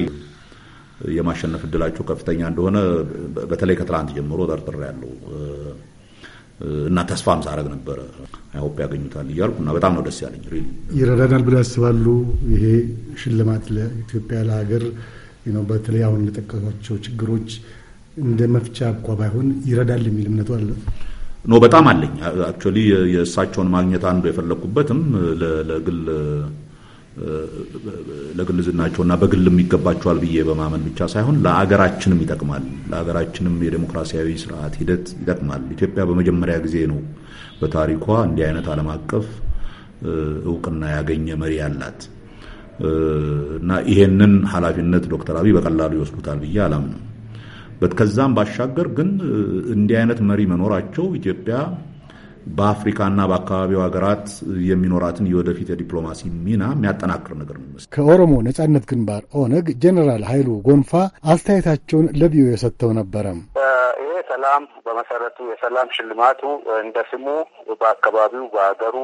የማሸነፍ እድላቸው ከፍተኛ እንደሆነ በተለይ ከትላንት ጀምሮ ጠርጥር ያለው እና ተስፋም ሳረግ ነበረ አይሆፕ ያገኙታል እያልኩ እና በጣም ነው ደስ ያለኝ። ይረዳናል ብለው ያስባሉ። ይሄ ሽልማት ለኢትዮጵያ ለሀገር በተለይ አሁን ለጠቀሷቸው ችግሮች እንደ መፍቻ እኳ ባይሆን ይረዳል የሚል እምነቱ አለ ኖ በጣም አለኝ። አክቹዋሊ የእሳቸውን ማግኘት አንዱ የፈለግኩበትም ለግል ለግልዝናቸውና ዝናቸውና በግልም ይገባቸዋል ብዬ በማመን ብቻ ሳይሆን ለአገራችንም ይጠቅማል። ለአገራችንም የዴሞክራሲያዊ ስርዓት ሂደት ይጠቅማል። ኢትዮጵያ በመጀመሪያ ጊዜ ነው በታሪኳ እንዲህ አይነት ዓለም አቀፍ እውቅና ያገኘ መሪ ያላት እና ይሄንን ኃላፊነት ዶክተር አብይ በቀላሉ ይወስዱታል ብዬ አላምንም። ከዛም ባሻገር ግን እንዲህ አይነት መሪ መኖራቸው ኢትዮጵያ በአፍሪካና በአካባቢው ሀገራት የሚኖራትን የወደፊት የዲፕሎማሲ ሚና የሚያጠናክር ነገር ነው ይመስል ከኦሮሞ ነጻነት ግንባር ኦነግ ጀኔራል ኃይሉ ጎንፋ አስተያየታቸውን ለቪኦኤ የሰጥተው ነበረም። ይሄ ሰላም በመሰረቱ የሰላም ሽልማቱ እንደ ስሙ በአካባቢው፣ በሀገሩ፣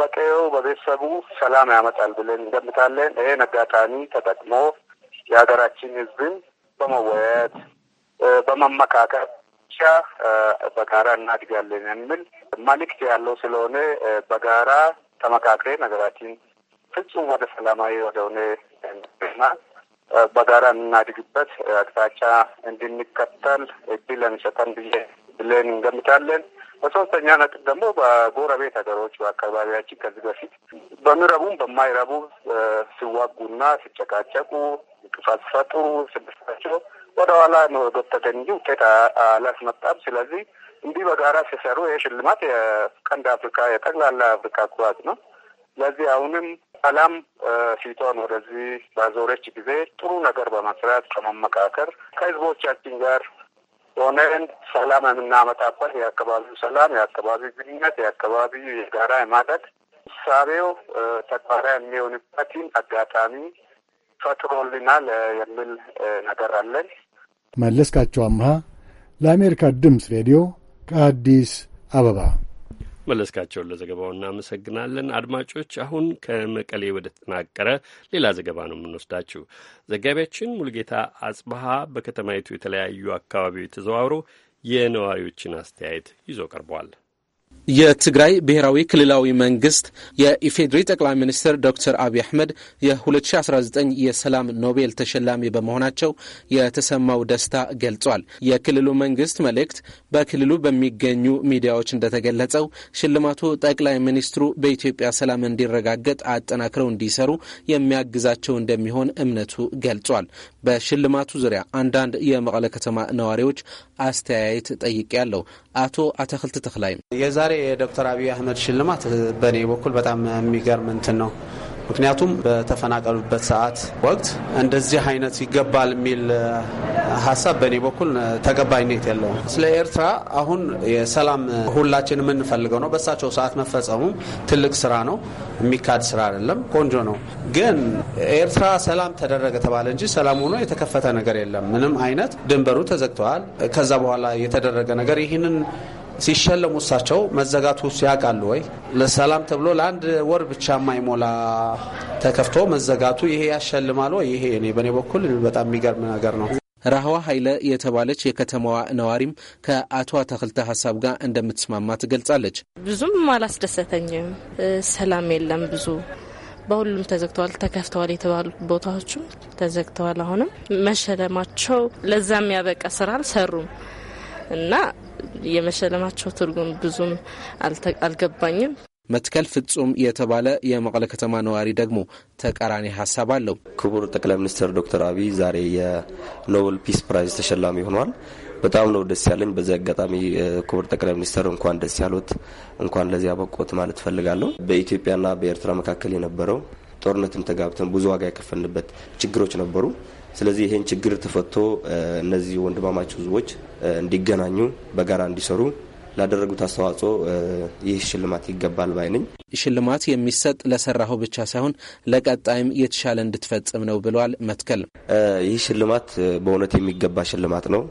በቀየው፣ በቤተሰቡ ሰላም ያመጣል ብለን እንደምታለን። ይሄን አጋጣሚ ተጠቅሞ የሀገራችን ህዝብን በመወያየት በመመካከል በጋራ እናድጋለን የሚል መልእክት ያለው ስለሆነ በጋራ ተመካክሬ ነገራችን ፍጹም ወደ ሰላማዊ ወደሆነ እና በጋራ የምናድግበት አቅጣጫ እንድንከተል እድል እንሰጠን ብዬ ብለን እንገምታለን። በሶስተኛ ነጥብ ደግሞ በጎረቤት ሀገሮች በአካባቢያችን ከዚህ በፊት በሚረቡም በማይረቡ ሲዋጉና ሲጨቃጨቁ ጥፋት ሲፈጥሩ ስድስታቸው ወደኋላ ነው የጎተተን እንጂ ውጤት አላስመጣም። ስለዚህ እንዲህ በጋራ ሲሰሩ ይህ ሽልማት የቀንድ አፍሪካ የጠቅላላ አፍሪካ ኩራት ነው። ስለዚህ አሁንም ሰላም ፊቷን ወደዚህ ባዞረች ጊዜ ጥሩ ነገር በመስራት ከመመካከር ከህዝቦቻችን ጋር ሆነን ሰላም የምናመጣበት የአካባቢው ሰላም፣ የአካባቢው ግንኙነት፣ የአካባቢው የጋራ የማደግ ሳቤው ተግባራዊ የሚሆንበትን አጋጣሚ ፈጥሮልናል የሚል ነገር አለን። መለስካቸው አምሃ ለአሜሪካ ድምፅ ሬዲዮ ከአዲስ አበባ። መለስካቸውን ለዘገባው እናመሰግናለን። አድማጮች፣ አሁን ከመቀሌ ወደ ተጠናቀረ ሌላ ዘገባ ነው የምንወስዳችሁ። ዘጋቢያችን ሙልጌታ አጽብሃ በከተማይቱ የተለያዩ አካባቢዎች ተዘዋውሮ የነዋሪዎችን አስተያየት ይዞ ቀርቧል። የትግራይ ብሔራዊ ክልላዊ መንግስት የኢፌዴሪ ጠቅላይ ሚኒስትር ዶክተር አብይ አህመድ የ2019 የሰላም ኖቤል ተሸላሚ በመሆናቸው የተሰማው ደስታ ገልጿል። የክልሉ መንግስት መልእክት በክልሉ በሚገኙ ሚዲያዎች እንደተገለጸው ሽልማቱ ጠቅላይ ሚኒስትሩ በኢትዮጵያ ሰላም እንዲረጋገጥ አጠናክረው እንዲሰሩ የሚያግዛቸው እንደሚሆን እምነቱ ገልጿል። በሽልማቱ ዙሪያ አንዳንድ የመቀለ ከተማ ነዋሪዎች አስተያየት ጠይቄያለሁ። አቶ አተክልት ተክላይም የዛሬ የዶክተር አብይ አህመድ ሽልማት በእኔ በኩል በጣም የሚገርም እንትን ነው። ምክንያቱም በተፈናቀሉበት ሰዓት ወቅት እንደዚህ አይነት ይገባል የሚል ሀሳብ በእኔ በኩል ተቀባይነት የለውም። ስለ ኤርትራ አሁን የሰላም ሁላችን የምንፈልገው ነው። በእሳቸው ሰዓት መፈጸሙ ትልቅ ስራ ነው፣ የሚካድ ስራ አይደለም። ቆንጆ ነው። ግን ኤርትራ ሰላም ተደረገ ተባለ እንጂ ሰላም ሆኖ የተከፈተ ነገር የለም። ምንም አይነት ድንበሩ ተዘግተዋል። ከዛ በኋላ የተደረገ ነገር ይህንን ሲሸለሙ እሳቸው መዘጋቱ ያውቃሉ ወይ? ለሰላም ተብሎ ለአንድ ወር ብቻ የማይሞላ ተከፍቶ መዘጋቱ ይሄ ያሸልማል ወይ? ይሄ እኔ በእኔ በኩል በጣም የሚገርም ነገር ነው። ራህዋ ኃይለ የተባለች የከተማዋ ነዋሪም ከአቶ ተክልተ ሀሳብ ጋር እንደምትስማማ ትገልጻለች። ብዙም አላስደሰተኝም። ሰላም የለም ብዙ በሁሉም ተዘግተዋል። ተከፍተዋል የተባሉ ቦታዎችም ተዘግተዋል። አሁንም መሸለማቸው ለዛ የሚያበቃ ስራ አልሰሩም እና የመሸለማቸው ትርጉም ብዙም አልገባኝም። መትከል ፍጹም የተባለ የመቀለ ከተማ ነዋሪ ደግሞ ተቃራኒ ሀሳብ አለው። ክቡር ጠቅላይ ሚኒስትር ዶክተር አብይ ዛሬ የኖቤል ፒስ ፕራይዝ ተሸላሚ ሆኗል። በጣም ነው ደስ ያለኝ። በዚህ አጋጣሚ ክቡር ጠቅላይ ሚኒስትር እንኳን ደስ ያሉት፣ እንኳን ለዚህ አበቆት ማለት ፈልጋለሁ። በኢትዮጵያና በኤርትራ መካከል የነበረው ጦርነትን ተጋብተን ብዙ ዋጋ የከፈልንበት ችግሮች ነበሩ። ስለዚህ ይህን ችግር ተፈቶ እነዚህ ወንድማማች ህዝቦች እንዲገናኙ በጋራ እንዲሰሩ ላደረጉት አስተዋጽኦ ይህ ሽልማት ይገባል ባይ ነኝ። ሽልማት የሚሰጥ ለሰራሁ ብቻ ሳይሆን ለቀጣይም የተሻለ እንድትፈጽም ነው ብለዋል መትከል። ይህ ሽልማት በእውነት የሚገባ ሽልማት ነው።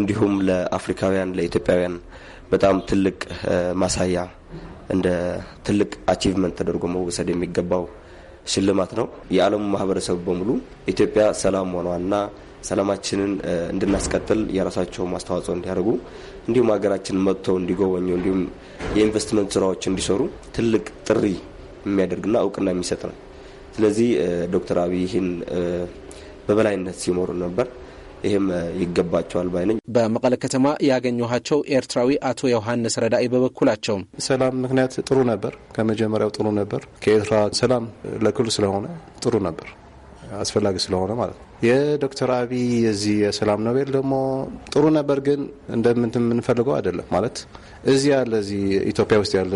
እንዲሁም ለአፍሪካውያን፣ ለኢትዮጵያውያን በጣም ትልቅ ማሳያ እንደ ትልቅ አቺቭመንት ተደርጎ መወሰድ የሚገባው ሽልማት ነው። የዓለሙ ማህበረሰብ በሙሉ ኢትዮጵያ ሰላም ሆኗና ሰላማችንን እንድናስቀጥል የራሳቸውን ማስተዋጽኦ እንዲያደርጉ እንዲሁም ሀገራችን መጥተው እንዲጎበኙ እንዲሁም የኢንቨስትመንት ስራዎች እንዲሰሩ ትልቅ ጥሪ የሚያደርግና እውቅና የሚሰጥ ነው። ስለዚህ ዶክተር አብይ ይህን በበላይነት ሲመሩ ነበር። ይህም ይገባቸዋል ባይነኝ። በመቀለ ከተማ ያገኘኋቸው ኤርትራዊ አቶ ዮሐንስ ረዳኢ በበኩላቸው ሰላም ምክንያት ጥሩ ነበር፣ ከመጀመሪያው ጥሩ ነበር። ከኤርትራ ሰላም ለክሉ ስለሆነ ጥሩ ነበር፣ አስፈላጊ ስለሆነ ማለት ነው። የዶክተር አብይ የዚህ የሰላም ኖቤል ደግሞ ጥሩ ነበር፣ ግን እንደምንት የምንፈልገው አይደለም ማለት እዚህ ያለ እዚህ ኢትዮጵያ ውስጥ ያለ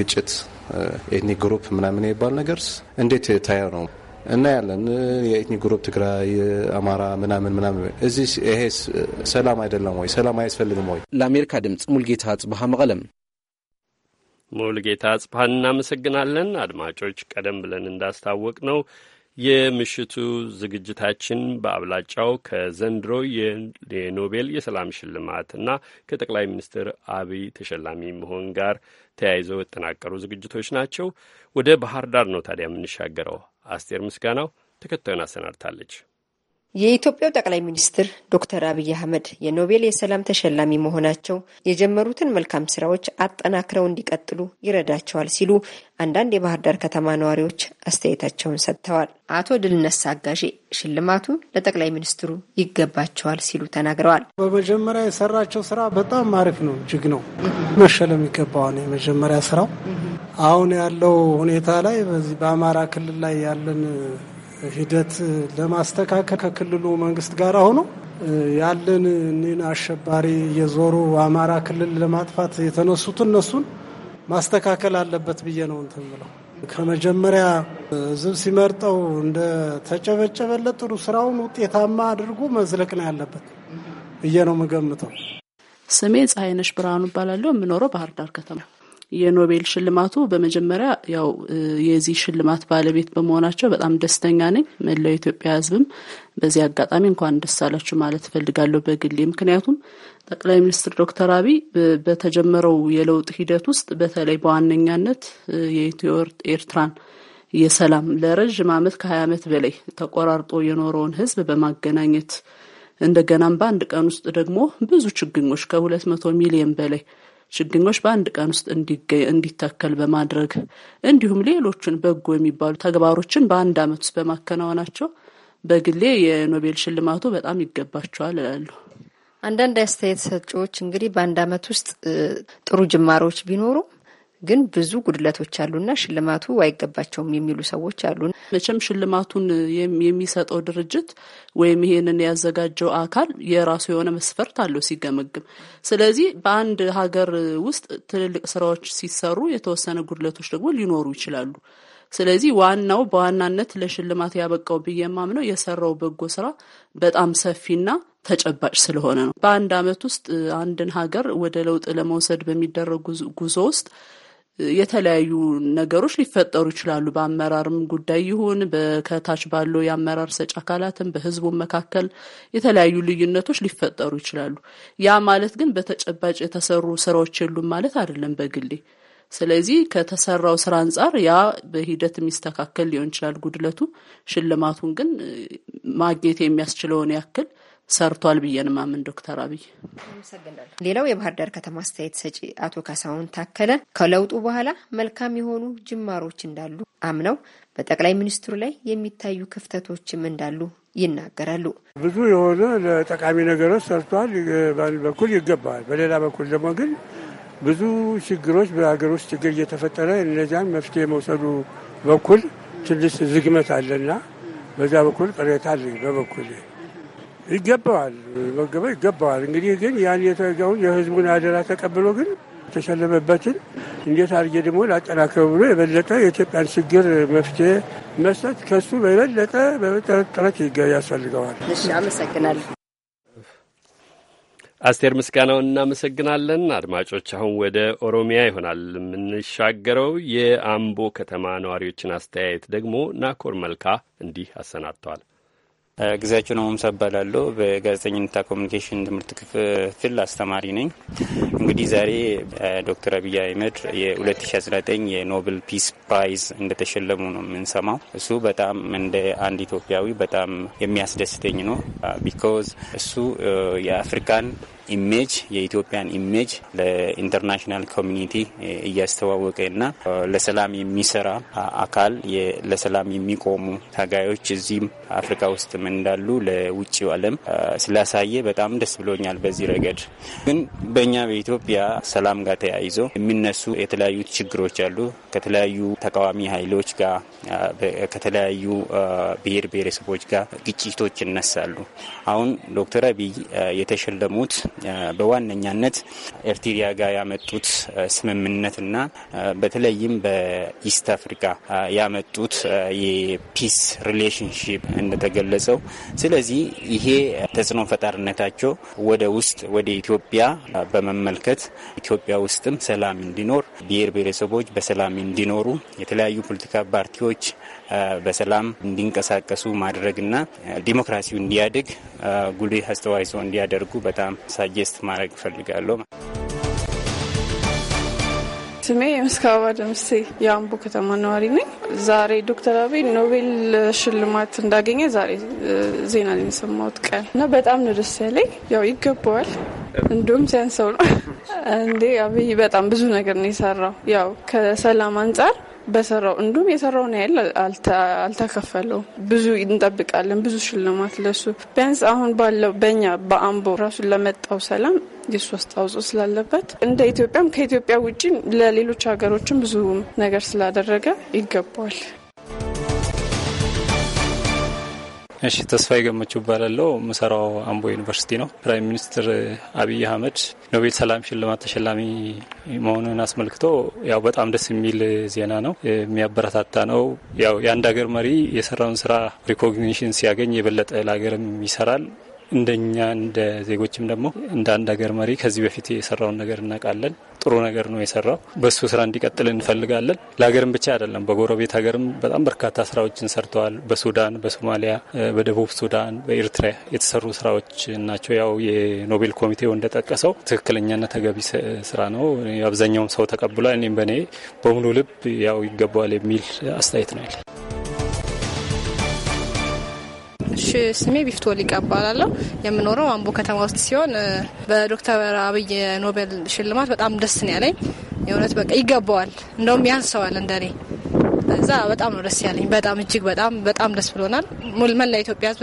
ግጭት ኤትኒክ ግሩፕ ምናምን የሚባል ነገር እንዴት ታያ ነው እናያለን። የኤትኒክ ግሩፕ ትግራይ፣ አማራ ምናምን ምናምን እዚህ ይሄ ሰላም አይደለም ወይ? ሰላም አያስፈልግም ወይ? ለአሜሪካ ድምፅ ሙልጌታ ጽብሃ መቀለም። ሙልጌታ ጽብሃን እናመሰግናለን። አድማጮች፣ ቀደም ብለን እንዳስታወቅ ነው የምሽቱ ዝግጅታችን በአብላጫው ከዘንድሮ የኖቤል የሰላም ሽልማት እና ከጠቅላይ ሚኒስትር አብይ ተሸላሚ መሆን ጋር ተያይዘው የተጠናቀሩ ዝግጅቶች ናቸው። ወደ ባህር ዳር ነው ታዲያ የምንሻገረው። አስቴር ምስጋናው ተከታዩን አሰናድታለች። የኢትዮጵያው ጠቅላይ ሚኒስትር ዶክተር አብይ አህመድ የኖቤል የሰላም ተሸላሚ መሆናቸው የጀመሩትን መልካም ስራዎች አጠናክረው እንዲቀጥሉ ይረዳቸዋል ሲሉ አንዳንድ የባህር ዳር ከተማ ነዋሪዎች አስተያየታቸውን ሰጥተዋል። አቶ ድልነሳ አጋዤ ሽልማቱ ለጠቅላይ ሚኒስትሩ ይገባቸዋል ሲሉ ተናግረዋል። በመጀመሪያ የሰራቸው ስራ በጣም አሪፍ ነው፣ እጅግ ነው መሸለም ይገባዋል። የመጀመሪያ ስራው አሁን ያለው ሁኔታ ላይ በዚህ በአማራ ክልል ላይ ያለን ሂደት ለማስተካከል ከክልሉ መንግስት ጋር ሆኖ ያለን እኒን አሸባሪ የዞሩ አማራ ክልል ለማጥፋት የተነሱት እነሱን ማስተካከል አለበት ብዬ ነው እንትን ብለው ከመጀመሪያ ህዝብ ሲመርጠው እንደ ተጨበጨበለት ጥሩ ስራውን ውጤታማ አድርጎ መዝለቅ ነው ያለበት ብዬ ነው የምገምተው። ስሜ ፀሐይነሽ ብርሃኑ እባላለሁ። የምኖረው ባህር ዳር ከተማ የኖቤል ሽልማቱ በመጀመሪያ ያው የዚህ ሽልማት ባለቤት በመሆናቸው በጣም ደስተኛ ነኝ። መላው የኢትዮጵያ ሕዝብም በዚህ አጋጣሚ እንኳን ደስ አላችሁ ማለት እፈልጋለሁ በግሌ ምክንያቱም ጠቅላይ ሚኒስትር ዶክተር አብይ በተጀመረው የለውጥ ሂደት ውስጥ በተለይ በዋነኛነት የኢትዮ ኤርትራን የሰላም ለረዥም ዓመት ከሀያ ዓመት በላይ ተቆራርጦ የኖረውን ሕዝብ በማገናኘት እንደገናም በአንድ ቀን ውስጥ ደግሞ ብዙ ችግኞች ከሁለት መቶ ሚሊየን በላይ ችግኞች በአንድ ቀን ውስጥ እንዲተከል በማድረግ እንዲሁም ሌሎችን በጎ የሚባሉ ተግባሮችን በአንድ ዓመት ውስጥ በማከናወናቸው በግሌ የኖቤል ሽልማቱ በጣም ይገባቸዋል እላሉ። አንዳንድ አስተያየት ሰጪዎች እንግዲህ በአንድ ዓመት ውስጥ ጥሩ ጅማሮች ቢኖሩ ግን ብዙ ጉድለቶች አሉና ሽልማቱ አይገባቸውም የሚሉ ሰዎች አሉ። መቼም ሽልማቱን የሚሰጠው ድርጅት ወይም ይሄንን ያዘጋጀው አካል የራሱ የሆነ መስፈርት አለው ሲገመግም። ስለዚህ በአንድ ሀገር ውስጥ ትልልቅ ስራዎች ሲሰሩ የተወሰነ ጉድለቶች ደግሞ ሊኖሩ ይችላሉ። ስለዚህ ዋናው በዋናነት ለሽልማት ያበቃው ብዬ የማምነው የሰራው በጎ ስራ በጣም ሰፊና ተጨባጭ ስለሆነ ነው። በአንድ አመት ውስጥ አንድን ሀገር ወደ ለውጥ ለመውሰድ በሚደረግ ጉዞ ውስጥ የተለያዩ ነገሮች ሊፈጠሩ ይችላሉ። በአመራርም ጉዳይ ይሁን ከታች ባለው የአመራር ሰጭ አካላትም በህዝቡ መካከል የተለያዩ ልዩነቶች ሊፈጠሩ ይችላሉ። ያ ማለት ግን በተጨባጭ የተሰሩ ስራዎች የሉም ማለት አይደለም በግሌ ስለዚህ ከተሰራው ስራ አንጻር ያ በሂደት የሚስተካከል ሊሆን ይችላል ጉድለቱ። ሽልማቱን ግን ማግኘት የሚያስችለውን ያክል ሰርቷል ብዬን ማምን ዶክተር አብይ። ሌላው የባህር ዳር ከተማ አስተያየት ሰጪ አቶ ካሳሁን ታከለ ከለውጡ በኋላ መልካም የሆኑ ጅማሮች እንዳሉ አምነው በጠቅላይ ሚኒስትሩ ላይ የሚታዩ ክፍተቶችም እንዳሉ ይናገራሉ። ብዙ የሆነ ለጠቃሚ ነገሮች ሰርቷል። በኩል ይገባል፣ በሌላ በኩል ደግሞ ግን ብዙ ችግሮች በሀገር ውስጥ ችግር እየተፈጠረ እነዚያን መፍትሄ መውሰዱ በኩል ትንሽ ዝግመት አለና በዛ በኩል ቅሬታ አለኝ በበኩል ይገባዋል፣ መገበ ይገባዋል። እንግዲህ ግን ያን የተጋውን የህዝቡን አደራ ተቀብሎ ግን የተሸለመበትን እንዴት አድርጌ ደግሞ ላጠናክረው ብሎ የበለጠ የኢትዮጵያን ችግር መፍትሄ መስጠት ከሱ የበለጠ ጥረት ያስፈልገዋል። አስቴር ምስጋናውን እናመሰግናለን። አድማጮች፣ አሁን ወደ ኦሮሚያ ይሆናል የምንሻገረው። የአምቦ ከተማ ነዋሪዎችን አስተያየት ደግሞ ናኮር መልካ እንዲህ አሰናድተዋል። ጊዜያቸው ነው ምሰባላለሁ በጋዜጠኝነትና ኮሚኒኬሽን ትምህርት ክፍል አስተማሪ ነኝ። እንግዲህ ዛሬ ዶክተር አብይ አህመድ የ2019 የኖብል ፒስ ፕራይዝ እንደተሸለሙ ነው የምንሰማው። እሱ በጣም እንደ አንድ ኢትዮጵያዊ በጣም የሚያስደስተኝ ነው። ቢኮዝ እሱ የአፍሪካን ኢሜጅ የኢትዮጵያን ኢሜጅ ለኢንተርናሽናል ኮሚኒቲ እያስተዋወቀ እና ለሰላም የሚሰራ አካል ለሰላም የሚቆሙ ታጋዮች እዚህም አፍሪካ ውስጥም እንዳሉ ለውጭው ዓለም ስላሳየ በጣም ደስ ብሎኛል። በዚህ ረገድ ግን በእኛ በኢትዮጵያ ሰላም ጋር ተያይዞ የሚነሱ የተለያዩ ችግሮች አሉ። ከተለያዩ ተቃዋሚ ኃይሎች ጋር፣ ከተለያዩ ብሔር ብሔረሰቦች ጋር ግጭቶች ይነሳሉ። አሁን ዶክተር አብይ የተሸለሙት በዋነኛነት ኤርትሪያ ጋር ያመጡት ስምምነትና በተለይም በኢስት አፍሪካ ያመጡት የፒስ ሪሌሽንሽፕ እንደተገለጸው፣ ስለዚህ ይሄ ተጽዕኖ ፈጣሪነታቸው ወደ ውስጥ ወደ ኢትዮጵያ በመመልከት ኢትዮጵያ ውስጥም ሰላም እንዲኖር ብሔር ብሔረሰቦች በሰላም እንዲኖሩ የተለያዩ ፖለቲካ ፓርቲዎች በሰላም እንዲንቀሳቀሱ ማድረግና ዲሞክራሲው እንዲያድግ ጉልህ አስተዋጽኦ እንዲያደርጉ በጣም ሳጀስት ማድረግ እፈልጋለሁ። ስሜ የምስካባ ደምሴ የአምቦ ከተማ ነዋሪ ነኝ። ዛሬ ዶክተር አብይ ኖቤል ሽልማት እንዳገኘ ዛሬ ዜና ላይ የሰማሁት ቀን እና በጣም ነው ደስ ያለኝ። ያው ይገባዋል፣ እንዲሁም ሲያንሰው ነው እንዴ። አብይ በጣም ብዙ ነገር ነው የሰራው። ያው ከሰላም አንጻር በሰራው እንዲሁም የሰራውን ያህል አልተከፈለው። ብዙ እንጠብቃለን፣ ብዙ ሽልማት ለሱ ቢያንስ አሁን ባለው በእኛ በአምቦ ራሱን ለመጣው ሰላም የሱ አስተዋጽኦ ስላለበት እንደ ኢትዮጵያም ከኢትዮጵያ ውጭ ለሌሎች ሀገሮችም ብዙ ነገር ስላደረገ ይገባዋል። እሺ ተስፋ የገመችው ይባላለው ምሰራው አምቦ ዩኒቨርሲቲ ነው። ፕራይም ሚኒስትር አብይ አህመድ ኖቤል ሰላም ሽልማት ተሸላሚ መሆኑን አስመልክቶ ያው በጣም ደስ የሚል ዜና ነው፣ የሚያበረታታ ነው። ያው የአንድ ሀገር መሪ የሰራውን ስራ ሪኮግኒሽን ሲያገኝ የበለጠ ለሀገርም ይሰራል። እንደኛ እንደ ዜጎችም ደግሞ እንደ አንድ ሀገር መሪ ከዚህ በፊት የሰራውን ነገር እናውቃለን። ጥሩ ነገር ነው የሰራው። በሱ ስራ እንዲቀጥል እንፈልጋለን። ለሀገርም ብቻ አይደለም፣ በጎረቤት ሀገርም በጣም በርካታ ስራዎችን ሰርተዋል። በሱዳን፣ በሶማሊያ፣ በደቡብ ሱዳን፣ በኤርትራ የተሰሩ ስራዎች ናቸው። ያው የኖቤል ኮሚቴው እንደጠቀሰው ትክክለኛና ተገቢ ስራ ነው። አብዛኛውም ሰው ተቀብሏል። እኔም በእኔ በሙሉ ልብ ያው ይገባዋል የሚል አስተያየት ነው ያለ እሺ ስሜ ቢፍቶል ይቀባላለሁ። የምኖረው አምቦ ከተማ ውስጥ ሲሆን በዶክተር አብይ ኖቤል ሽልማት በጣም ደስ ነው ያለኝ። የእውነት በቃ ይገባዋል፣ እንደውም ያንሰዋል እንደኔ እዛ በጣም ነው ደስ ያለኝ። በጣም እጅግ በጣም በጣም ደስ ብሎናል። ሙል መላ ኢትዮጵያ ሕዝብ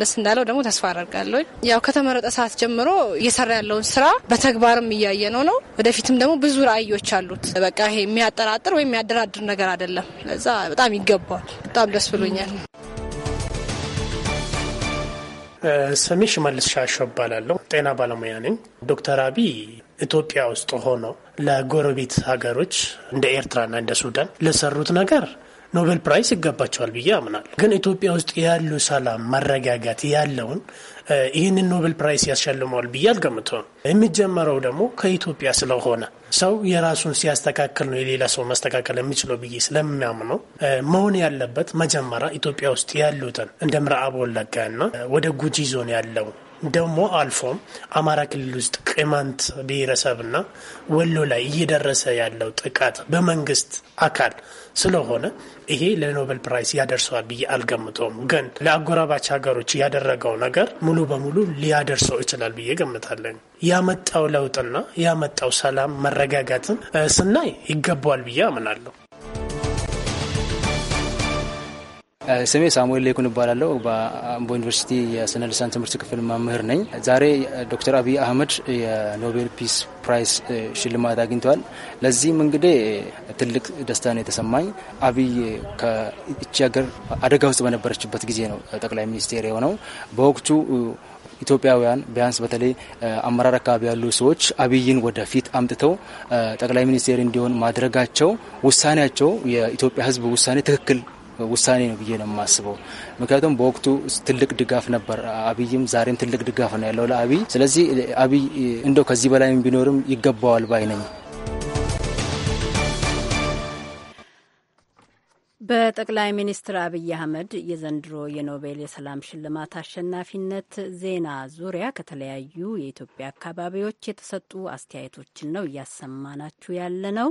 ደስ እንዳለው ደግሞ ተስፋ አደርጋለሁ። ያው ከተመረጠ ሰዓት ጀምሮ እየሰራ ያለውን ስራ በተግባርም እያየ ነው ነው ወደፊትም ደግሞ ብዙ ራዕዮች አሉት። በቃ ይሄ የሚያጠራጥር ወይም የሚያደራድር ነገር አይደለም። ለዛ በጣም ይገባዋል። በጣም ደስ ብሎኛል። ስሜ ሽመልስ ሻሾ እባላለሁ። ጤና ባለሙያ ነኝ። ዶክተር አብይ ኢትዮጵያ ውስጥ ሆኖ ለጎረቤት ሀገሮች እንደ ኤርትራና እንደ ሱዳን ለሰሩት ነገር ኖቤል ፕራይስ ይገባቸዋል ብዬ አምናለሁ። ግን ኢትዮጵያ ውስጥ ያሉ ሰላም፣ መረጋጋት ያለውን ይህንን ኖቤል ፕራይስ ያሸልመዋል ብዬ አልገምተውም። የሚጀመረው ደግሞ ከኢትዮጵያ ስለሆነ ሰው የራሱን ሲያስተካክል ነው የሌላ ሰው ማስተካከል የሚችለው ብዬ ስለሚያምነው መሆን ያለበት መጀመሪያ ኢትዮጵያ ውስጥ ያሉትን እንደ ምዕራብ ወለጋና ወደ ጉጂ ዞን ያለው ደግሞ አልፎም አማራ ክልል ውስጥ ቅማንት ብሔረሰብና ወሎ ላይ እየደረሰ ያለው ጥቃት በመንግስት አካል ስለሆነ ይሄ ለኖበል ፕራይስ ያደርሰዋል ብዬ አልገምተውም። ግን ለአጎራባች ሀገሮች ያደረገው ነገር ሙሉ በሙሉ ሊያደርሰው ይችላል ብዬ ገምታለን። ያመጣው ለውጥና ያመጣው ሰላም መረጋጋትን ስናይ ይገባዋል ብዬ አምናለሁ። ስሜ ሳሙኤል ሌኩን እባላለሁ። በአምቦ ዩኒቨርሲቲ የስነ ልሳን ትምህርት ክፍል መምህር ነኝ። ዛሬ ዶክተር አብይ አህመድ የኖቤል ፒስ ፕራይስ ሽልማት አግኝተዋል። ለዚህም እንግዲህ ትልቅ ደስታ ነው የተሰማኝ። አብይ ከእቺ ሀገር አደጋ ውስጥ በነበረችበት ጊዜ ነው ጠቅላይ ሚኒስቴር የሆነው። በወቅቱ ኢትዮጵያውያን ቢያንስ በተለይ አመራር አካባቢ ያሉ ሰዎች አብይን ወደፊት አምጥተው ጠቅላይ ሚኒስቴር እንዲሆን ማድረጋቸው ውሳኔያቸው የኢትዮጵያ ሕዝብ ውሳኔ ትክክል ውሳኔ ነው ብዬ ነው የማስበው። ምክንያቱም በወቅቱ ትልቅ ድጋፍ ነበር። አብይም ዛሬም ትልቅ ድጋፍ ነው ያለው ለአብይ። ስለዚህ አብይ እንደው ከዚህ በላይም ቢኖርም ይገባዋል ባይ ነኝ። በጠቅላይ ሚኒስትር አብይ አህመድ የዘንድሮ የኖቤል የሰላም ሽልማት አሸናፊነት ዜና ዙሪያ ከተለያዩ የኢትዮጵያ አካባቢዎች የተሰጡ አስተያየቶችን ነው እያሰማናችሁ ያለ ነው።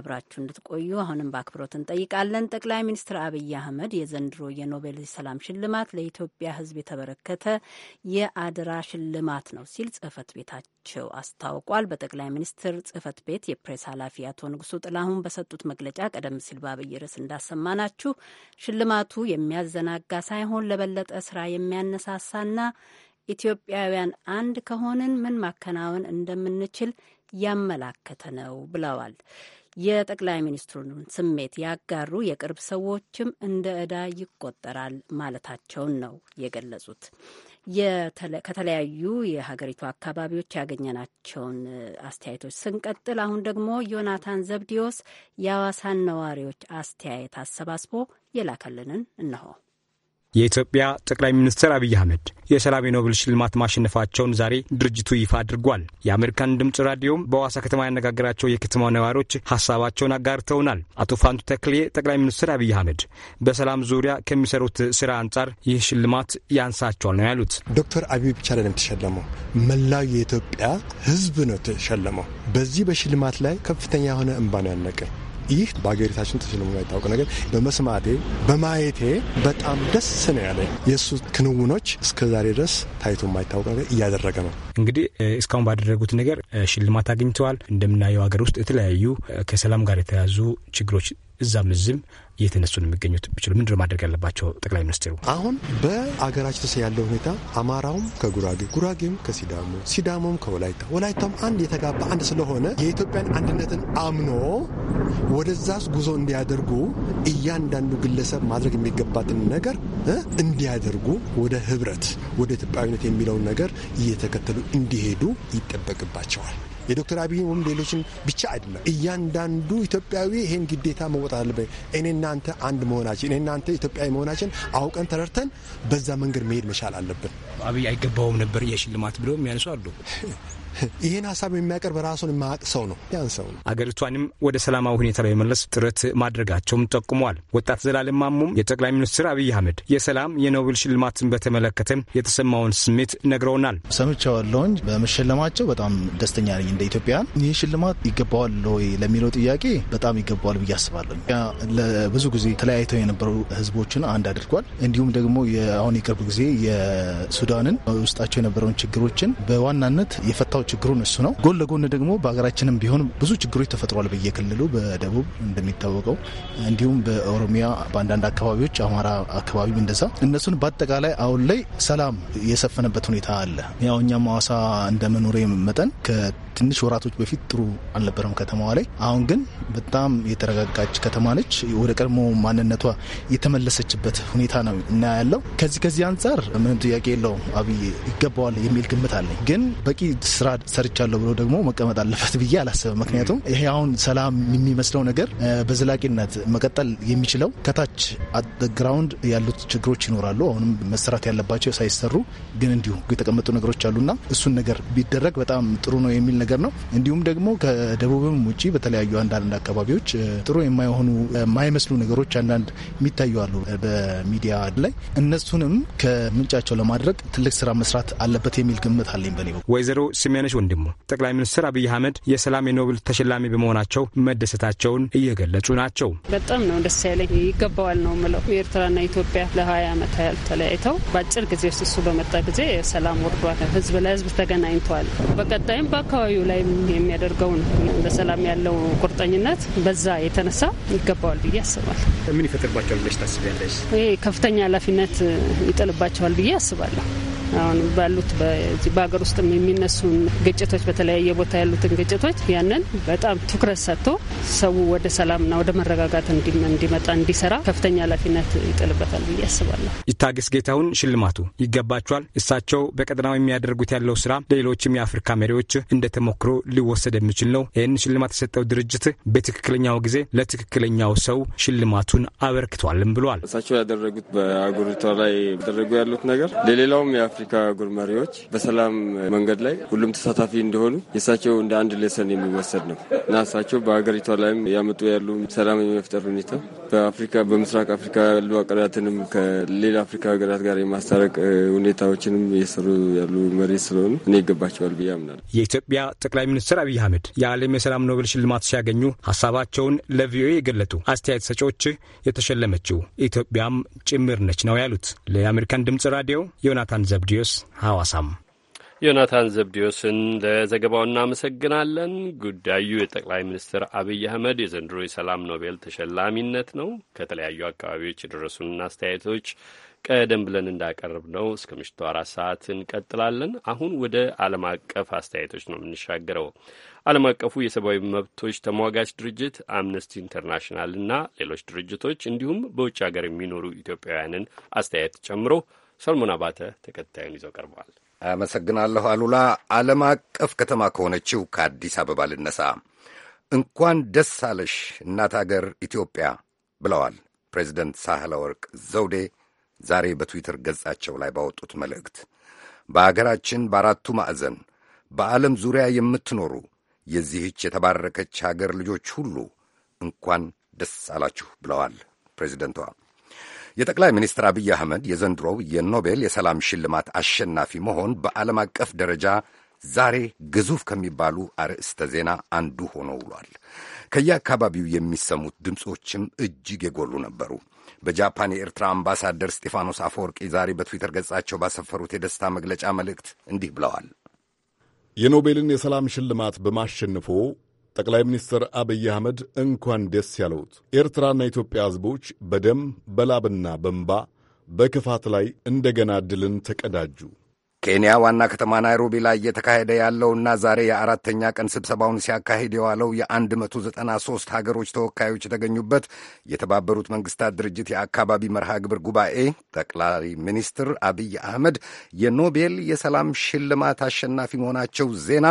አብራችሁ እንድትቆዩ አሁንም በአክብሮት እንጠይቃለን። ጠቅላይ ሚኒስትር አብይ አህመድ የዘንድሮ የኖቤል የሰላም ሽልማት ለኢትዮጵያ ሕዝብ የተበረከተ የአደራ ሽልማት ነው ሲል ጽህፈት ቤታቸው አስታውቋል። በጠቅላይ ሚኒስትር ጽህፈት ቤት የፕሬስ ኃላፊ አቶ ንጉሱ ጥላሁን በሰጡት መግለጫ ቀደም ሲል በአብይ ርዕስ እንዳሰማ ካላማናችሁ ሽልማቱ የሚያዘናጋ ሳይሆን ለበለጠ ስራ የሚያነሳሳና ኢትዮጵያውያን አንድ ከሆንን ምን ማከናወን እንደምንችል ያመላከተ ነው ብለዋል። የጠቅላይ ሚኒስትሩን ስሜት ያጋሩ የቅርብ ሰዎችም እንደ ዕዳ ይቆጠራል ማለታቸውን ነው የገለጹት። ከተለያዩ የሀገሪቱ አካባቢዎች ያገኘናቸውን አስተያየቶች ስንቀጥል አሁን ደግሞ ዮናታን ዘብዲዮስ የአዋሳን ነዋሪዎች አስተያየት አሰባስቦ የላከልንን እነሆ። የኢትዮጵያ ጠቅላይ ሚኒስትር አብይ አህመድ የሰላም የኖብል ሽልማት ማሸነፋቸውን ዛሬ ድርጅቱ ይፋ አድርጓል። የአሜሪካን ድምፅ ራዲዮም በሐዋሳ ከተማ ያነጋገራቸው የከተማ ነዋሪዎች ሀሳባቸውን አጋርተውናል። አቶ ፋንቱ ተክሌ ጠቅላይ ሚኒስትር አብይ አህመድ በሰላም ዙሪያ ከሚሰሩት ስራ አንጻር ይህ ሽልማት ያንሳቸዋል ነው ያሉት። ዶክተር አብይ ብቻ አይደለም የተሸለመው፣ መላው የኢትዮጵያ ሕዝብ ነው የተሸለመው። በዚህ በሽልማት ላይ ከፍተኛ የሆነ እንባ ነው ያነቀኝ ይህ በሀገሪታችን ተሽልሞ የማይታወቅ ነገር በመስማቴ በማየቴ በጣም ደስ ነው ያለ። የእሱ ክንውኖች እስከ ዛሬ ድረስ ታይቶ የማይታወቅ ነገር እያደረገ ነው። እንግዲህ እስካሁን ባደረጉት ነገር ሽልማት አግኝተዋል። እንደምናየው ሀገር ውስጥ የተለያዩ ከሰላም ጋር የተያዙ ችግሮች እዛም እዚህም እየተነሱ ነው የሚገኙት ቢችሉ ምንድን ነው ማድረግ ያለባቸው? ጠቅላይ ሚኒስትሩ አሁን በአገራችን ውስጥ ያለው ሁኔታ አማራውም ከጉራጌ ጉራጌም ከሲዳሞ ሲዳሞም ከወላይታ ወላይታም አንድ የተጋባ አንድ ስለሆነ የኢትዮጵያን አንድነትን አምኖ ወደዛስ ጉዞ እንዲያደርጉ እያንዳንዱ ግለሰብ ማድረግ የሚገባትን ነገር እንዲያደርጉ ወደ ህብረት ወደ ኢትዮጵያዊነት የሚለውን ነገር እየተከተሉ እንዲሄዱ ይጠበቅባቸዋል። የዶክተር አብይ ወይም ሌሎችን ብቻ አይደለም። እያንዳንዱ ኢትዮጵያዊ ይህን ግዴታ መወጣት አለበት። እኔ እናንተ አንድ መሆናችን፣ እኔ እናንተ ኢትዮጵያዊ መሆናችን አውቀን ተረድተን በዛ መንገድ መሄድ መቻል አለብን። አብይ አይገባውም ነበር የሽልማት ብለው የሚያነሱ አሉ። ይህን ሀሳብ የሚያቀርብ ራሱን የማያውቅ ሰው ነው ያን ሰው ነው። አገሪቷንም ወደ ሰላማዊ ሁኔታ ለመመለስ ጥረት ማድረጋቸውም ጠቁመዋል። ወጣት ዘላለም ማሙም የጠቅላይ ሚኒስትር አብይ አህመድ የሰላም የኖብል ሽልማትን በተመለከተ የተሰማውን ስሜት ነግረውናል። ሰምቼዋለሁኝ። በመሸለማቸው በጣም ደስተኛ ነኝ። እንደ ኢትዮጵያን ይህ ሽልማት ይገባዋል ወይ ለሚለው ጥያቄ በጣም ይገባዋል ብዬ አስባለሁ። ለብዙ ጊዜ ተለያይተው የነበሩ ህዝቦችን አንድ አድርጓል። እንዲሁም ደግሞ አሁን የቅርብ ጊዜ የሱዳንን ውስጣቸው የነበረውን ችግሮችን በዋናነት የፈታው ችግሩን እሱ ነው። ጎን ለጎን ደግሞ በሀገራችንም ቢሆን ብዙ ችግሮች ተፈጥሯል። በየክልሉ በደቡብ እንደሚታወቀው እንዲሁም በኦሮሚያ በአንዳንድ አካባቢዎች አማራ አካባቢ እንደዛ እነሱን በአጠቃላይ አሁን ላይ ሰላም የሰፈነበት ሁኔታ አለ። ያው እኛም ሐዋሳ እንደ መኖሬ መጠን ከትንሽ ወራቶች በፊት ጥሩ አልነበረም ከተማዋ ላይ። አሁን ግን በጣም የተረጋጋች ከተማ ነች። ወደ ቀድሞ ማንነቷ የተመለሰችበት ሁኔታ ነው እና ያለው ከዚህ ከዚህ አንጻር ምንም ጥያቄ የለው አብይ ይገባዋል የሚል ግምት አለኝ። ግን በቂ ስራ ስራ ሰርቻለሁ ብሎ ደግሞ መቀመጥ አለበት ብዬ አላስብም። ምክንያቱም ይሄ አሁን ሰላም የሚመስለው ነገር በዘላቂነት መቀጠል የሚችለው ከታች ግራውንድ ያሉት ችግሮች ይኖራሉ። አሁንም መሰራት ያለባቸው ሳይሰሩ ግን እንዲሁ የተቀመጡ ነገሮች አሉና እሱን ነገር ቢደረግ በጣም ጥሩ ነው የሚል ነገር ነው። እንዲሁም ደግሞ ከደቡብም ውጭ በተለያዩ አንዳንድ አካባቢዎች ጥሩ የማይሆኑ የማይመስሉ ነገሮች አንዳንድ የሚታዩ አሉ በሚዲያ ላይ እነሱንም ከምንጫቸው ለማድረግ ትልቅ ስራ መስራት አለበት የሚል ግምት አለኝ በኔ በኩል። ወይዘሮ ስሜ ሰሜነሽ ወንድሙ ጠቅላይ ሚኒስትር አብይ አህመድ የሰላም የኖብል ተሸላሚ በመሆናቸው መደሰታቸውን እየገለጹ ናቸው። በጣም ነው ደስ ያለኝ። ይገባዋል ነው ምለው። ኤርትራና ኢትዮጵያ ለ20 ዓመት ያህል ተለያይተው በአጭር ጊዜ ውስጥ እሱ በመጣ ጊዜ ሰላም ወርዷል። ህዝብ ለህዝብ ተገናኝተዋል። በቀጣይም በአካባቢው ላይ የሚያደርገውን ለሰላም ያለው ቁርጠኝነት በዛ የተነሳ ይገባዋል ብዬ አስባለሁ። ምን ይፈጥርባቸዋል ብለሽ ታስቢያለሽ? ይሄ ከፍተኛ ኃላፊነት ይጥልባቸዋል ብዬ አስባለሁ። አሁን ባሉት በዚህ በሀገር ውስጥም የሚነሱን ግጭቶች በተለያየ ቦታ ያሉትን ግጭቶች ያንን በጣም ትኩረት ሰጥቶ ሰው ወደ ሰላምና ወደ መረጋጋት እንዲመጣ እንዲሰራ ከፍተኛ ኃላፊነት ይጥልበታል ብዬ አስባለሁ። ይታገስ ጌታሁን ሽልማቱ ይገባቸዋል። እሳቸው በቀጠናው የሚያደርጉት ያለው ስራ ሌሎችም የአፍሪካ መሪዎች እንደተሞክሮ ሊወሰድ የሚችል ነው። ይህን ሽልማት የሰጠው ድርጅት በትክክለኛው ጊዜ ለትክክለኛው ሰው ሽልማቱን አበርክቷልም ብሏል። እሳቸው ያደረጉት በአህጉሪቷ ላይ ያደረጉ ያሉት ነገር ለሌላውም የአፍሪካ አህጉር መሪዎች በሰላም መንገድ ላይ ሁሉም ተሳታፊ እንደሆኑ የእሳቸው እንደ አንድ ሌሰን የሚወሰድ ነው እና እሳቸው በሀገሪቷ ላይም ያመጡ ያሉ ሰላም የመፍጠር ሁኔታ በአፍሪካ በምስራቅ አፍሪካ ያሉ ሀገራትንም ከሌላ አፍሪካ ሀገራት ጋር የማስታረቅ ሁኔታዎችንም እየሰሩ ያሉ መሪ ስለሆኑ እኔ ይገባቸዋል ብዬ አምናለሁ። የኢትዮጵያ ጠቅላይ ሚኒስትር አብይ አህመድ የዓለም የሰላም ኖቤል ሽልማት ሲያገኙ ሀሳባቸውን ለቪኦኤ የገለጡ አስተያየት ሰጪዎች የተሸለመችው ኢትዮጵያም ጭምር ነች ነው ያሉት። ለአሜሪካን ድምጽ ራዲዮ ዮናታን ዘብ ዘብዲዮስ ሐዋሳም። ዮናታን ዘብዲዮስን ለዘገባው እናመሰግናለን። ጉዳዩ የጠቅላይ ሚኒስትር አብይ አህመድ የዘንድሮ የሰላም ኖቤል ተሸላሚነት ነው። ከተለያዩ አካባቢዎች የደረሱን አስተያየቶች ቀደም ብለን እንዳቀርብ ነው እስከ ምሽቱ አራት ሰዓት እንቀጥላለን። አሁን ወደ ዓለም አቀፍ አስተያየቶች ነው የምንሻገረው። ዓለም አቀፉ የሰብአዊ መብቶች ተሟጋች ድርጅት አምነስቲ ኢንተርናሽናልና ሌሎች ድርጅቶች እንዲሁም በውጭ ሀገር የሚኖሩ ኢትዮጵያውያንን አስተያየት ጨምሮ ሰልሞን አባተ ተከታዩን ይዘው ቀርበዋል። አመሰግናለሁ አሉላ። ዓለም አቀፍ ከተማ ከሆነችው ከአዲስ አበባ ልነሳ። እንኳን ደስ አለሽ እናት አገር ኢትዮጵያ ብለዋል ፕሬዚደንት ሳህለ ወርቅ ዘውዴ ዛሬ በትዊተር ገጻቸው ላይ ባወጡት መልእክት በአገራችን በአራቱ ማዕዘን በዓለም ዙሪያ የምትኖሩ የዚህች የተባረከች አገር ልጆች ሁሉ እንኳን ደስ አላችሁ ብለዋል ፕሬዚደንቷ። የጠቅላይ ሚኒስትር አብይ አህመድ የዘንድሮው የኖቤል የሰላም ሽልማት አሸናፊ መሆን በዓለም አቀፍ ደረጃ ዛሬ ግዙፍ ከሚባሉ አርዕስተ ዜና አንዱ ሆኖ ውሏል። ከየአካባቢው የሚሰሙት ድምፆችም እጅግ የጎሉ ነበሩ። በጃፓን የኤርትራ አምባሳደር ስጢፋኖስ አፈወርቂ ዛሬ በትዊተር ገጻቸው ባሰፈሩት የደስታ መግለጫ መልእክት እንዲህ ብለዋል። የኖቤልን የሰላም ሽልማት በማሸንፎ ጠቅላይ ሚኒስትር አብይ አህመድ እንኳን ደስ ያለውት። ኤርትራና ኢትዮጵያ ሕዝቦች በደም በላብና በንባ በክፋት ላይ እንደገና ድልን ተቀዳጁ። ኬንያ ዋና ከተማ ናይሮቢ ላይ እየተካሄደ ያለውና ዛሬ የአራተኛ ቀን ስብሰባውን ሲያካሂድ የዋለው የ193 ሀገሮች ተወካዮች የተገኙበት የተባበሩት መንግስታት ድርጅት የአካባቢ መርሃ ግብር ጉባኤ ጠቅላይ ሚኒስትር አብይ አህመድ የኖቤል የሰላም ሽልማት አሸናፊ መሆናቸው ዜና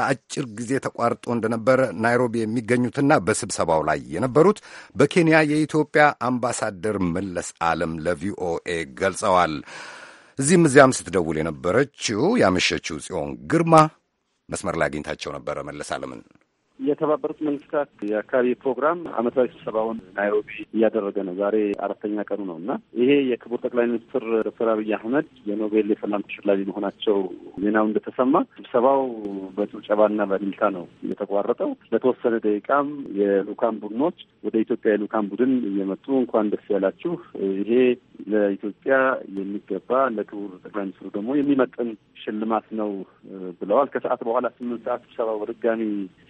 ለአጭር ጊዜ ተቋርጦ እንደነበረ ናይሮቢ የሚገኙትና በስብሰባው ላይ የነበሩት በኬንያ የኢትዮጵያ አምባሳደር መለስ አለም ለቪኦኤ ገልጸዋል። እዚህም እዚያም ስትደውል የነበረችው ያመሸችው ጽዮን ግርማ መስመር ላይ አግኝታቸው ነበረ መለስ አለምን። የተባበሩት መንግስታት የአካባቢ ፕሮግራም አመታዊ ስብሰባውን ናይሮቢ እያደረገ ነው። ዛሬ አራተኛ ቀኑ ነው እና ይሄ የክቡር ጠቅላይ ሚኒስትር ዶክተር አብይ አህመድ የኖቤል የሰላም ተሸላሚ መሆናቸው ዜናው እንደተሰማ ስብሰባው በጭብጨባና በእልልታ ነው የተቋረጠው። ለተወሰነ ደቂቃም የልኡካን ቡድኖች ወደ ኢትዮጵያ የልኡካን ቡድን እየመጡ እንኳን ደስ ያላችሁ፣ ይሄ ለኢትዮጵያ የሚገባ ለክቡር ጠቅላይ ሚኒስትሩ ደግሞ የሚመጥን ሽልማት ነው ብለዋል። ከሰዓት በኋላ ስምንት ሰዓት ስብሰባው በድጋሚ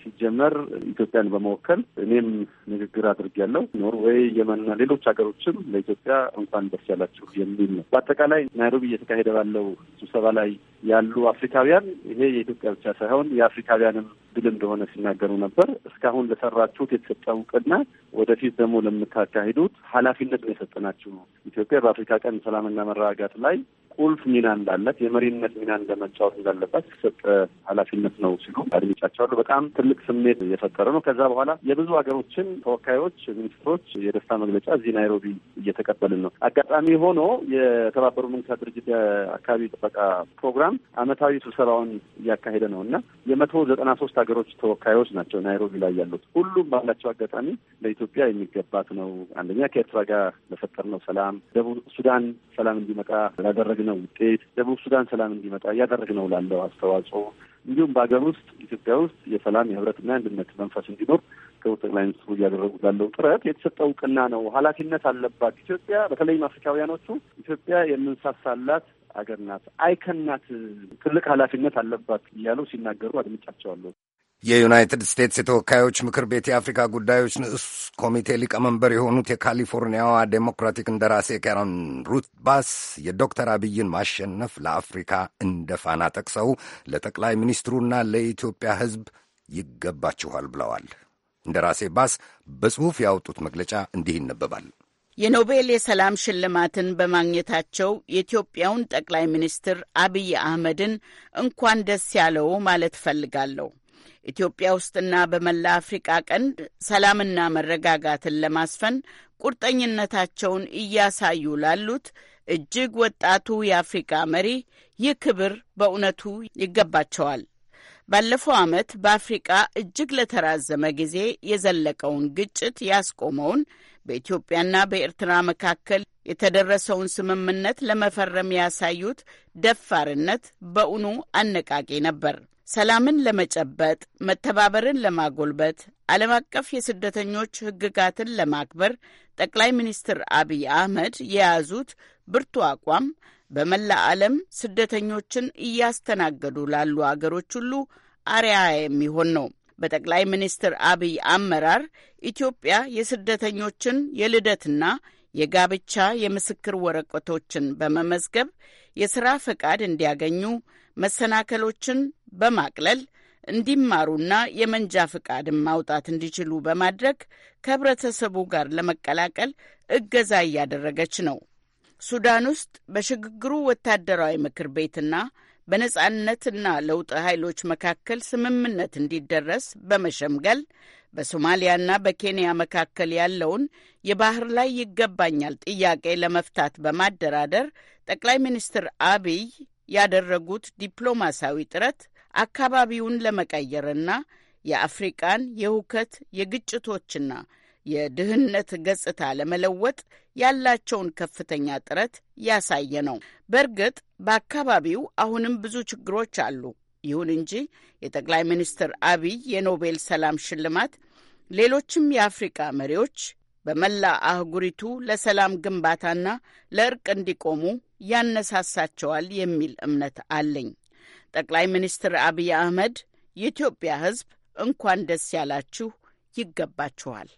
ሲጀመር መስመር ኢትዮጵያን በመወከል እኔም ንግግር አድርጌያለሁ። ኖርዌይ፣ የመንና ሌሎች ሀገሮችም ለኢትዮጵያ እንኳን ደስ ያላችሁ የሚል ነው። በአጠቃላይ ናይሮቢ እየተካሄደ ባለው ስብሰባ ላይ ያሉ አፍሪካውያን ይሄ የኢትዮጵያ ብቻ ሳይሆን የአፍሪካውያንም ድል እንደሆነ ሲናገሩ ነበር። እስካሁን ለሰራችሁት የተሰጠ እውቅና፣ ወደፊት ደግሞ ለምታካሂዱት ኃላፊነት ነው የሰጠናችሁ። ኢትዮጵያ በአፍሪካ ቀን ሰላምና መረጋጋት ላይ ቁልፍ ሚና እንዳለት የመሪነት ሚና እንደመጫወት እንዳለባት የተሰጠ ኃላፊነት ነው ሲሉ አድሚጫቸዋሉ። በጣም ትልቅ ስሜት የፈጠረ ነው። ከዛ በኋላ የብዙ ሀገሮችን ተወካዮች፣ ሚኒስትሮች የደስታ መግለጫ እዚህ ናይሮቢ እየተቀበልን ነው። አጋጣሚ ሆኖ የተባበሩ መንግስታት ድርጅት የአካባቢ ጥበቃ ፕሮግራም አመታዊ ስብሰባውን እያካሄደ ነው እና የመቶ ዘጠና ሶስት ሀገሮች ተወካዮች ናቸው ናይሮቢ ላይ ያሉት። ሁሉም ባላቸው አጋጣሚ ለኢትዮጵያ የሚገባት ነው። አንደኛ ከኤርትራ ጋር ለፈጠርነው ሰላም፣ ደቡብ ሱዳን ሰላም እንዲመጣ ላደረግነው ውጤት፣ ደቡብ ሱዳን ሰላም እንዲመጣ እያደረግነው ላለው አስተዋጽኦ እንዲሁም በሀገር ውስጥ ኢትዮጵያ ውስጥ የሰላም የህብረትና አንድነት መንፈስ እንዲኖር ክቡር ጠቅላይ ሚኒስትሩ እያደረጉ ላለው ጥረት የተሰጠ እውቅና ነው። ኃላፊነት አለባት ኢትዮጵያ። በተለይም አፍሪካውያኖቹ ኢትዮጵያ የምንሳሳላት አገር ናት፣ አይከን ናት፣ ትልቅ ኃላፊነት አለባት እያሉ ሲናገሩ አድምጫቸዋለሁ። የዩናይትድ ስቴትስ የተወካዮች ምክር ቤት የአፍሪካ ጉዳዮች ንዑስ ኮሚቴ ሊቀመንበር የሆኑት የካሊፎርኒያዋ ዴሞክራቲክ እንደራሴ ካረን ሩት ባስ የዶክተር አብይን ማሸነፍ ለአፍሪካ እንደ ፋና ጠቅሰው ለጠቅላይ ሚኒስትሩና ለኢትዮጵያ ሕዝብ ይገባችኋል ብለዋል። እንደራሴ ባስ በጽሑፍ ያወጡት መግለጫ እንዲህ ይነበባል። የኖቤል የሰላም ሽልማትን በማግኘታቸው የኢትዮጵያውን ጠቅላይ ሚኒስትር አብይ አህመድን እንኳን ደስ ያለው ማለት እፈልጋለሁ። ኢትዮጵያ ውስጥና በመላ አፍሪቃ ቀንድ ሰላምና መረጋጋትን ለማስፈን ቁርጠኝነታቸውን እያሳዩ ላሉት እጅግ ወጣቱ የአፍሪቃ መሪ ይህ ክብር በእውነቱ ይገባቸዋል። ባለፈው ዓመት በአፍሪቃ እጅግ ለተራዘመ ጊዜ የዘለቀውን ግጭት ያስቆመውን በኢትዮጵያና በኤርትራ መካከል የተደረሰውን ስምምነት ለመፈረም ያሳዩት ደፋርነት በእውኑ አነቃቂ ነበር። ሰላምን ለመጨበጥ፣ መተባበርን ለማጎልበት፣ ዓለም አቀፍ የስደተኞች ሕግጋትን ለማክበር ጠቅላይ ሚኒስትር አብይ አህመድ የያዙት ብርቱ አቋም በመላ ዓለም ስደተኞችን እያስተናገዱ ላሉ አገሮች ሁሉ አርያ የሚሆን ነው። በጠቅላይ ሚኒስትር አብይ አመራር ኢትዮጵያ የስደተኞችን የልደትና የጋብቻ የምስክር ወረቀቶችን በመመዝገብ የሥራ ፈቃድ እንዲያገኙ መሰናከሎችን በማቅለል እንዲማሩና የመንጃ ፈቃድን ማውጣት እንዲችሉ በማድረግ ከህብረተሰቡ ጋር ለመቀላቀል እገዛ እያደረገች ነው። ሱዳን ውስጥ በሽግግሩ ወታደራዊ ምክር ቤትና በነጻነትና ለውጥ ኃይሎች መካከል ስምምነት እንዲደረስ በመሸምገል በሶማሊያና በኬንያ መካከል ያለውን የባህር ላይ ይገባኛል ጥያቄ ለመፍታት በማደራደር ጠቅላይ ሚኒስትር አብይ ያደረጉት ዲፕሎማሲያዊ ጥረት አካባቢውን ለመቀየርና የአፍሪቃን የሁከት የግጭቶችና የድህነት ገጽታ ለመለወጥ ያላቸውን ከፍተኛ ጥረት ያሳየ ነው። በእርግጥ በአካባቢው አሁንም ብዙ ችግሮች አሉ። ይሁን እንጂ የጠቅላይ ሚኒስትር አብይ የኖቤል ሰላም ሽልማት ሌሎችም የአፍሪቃ መሪዎች በመላ አህጉሪቱ ለሰላም ግንባታና ለእርቅ እንዲቆሙ ያነሳሳቸዋል የሚል እምነት አለኝ። ጠቅላይ ሚኒስትር አብይ አህመድ የኢትዮጵያ ሕዝብ እንኳን ደስ ያላችሁ ይገባችኋል።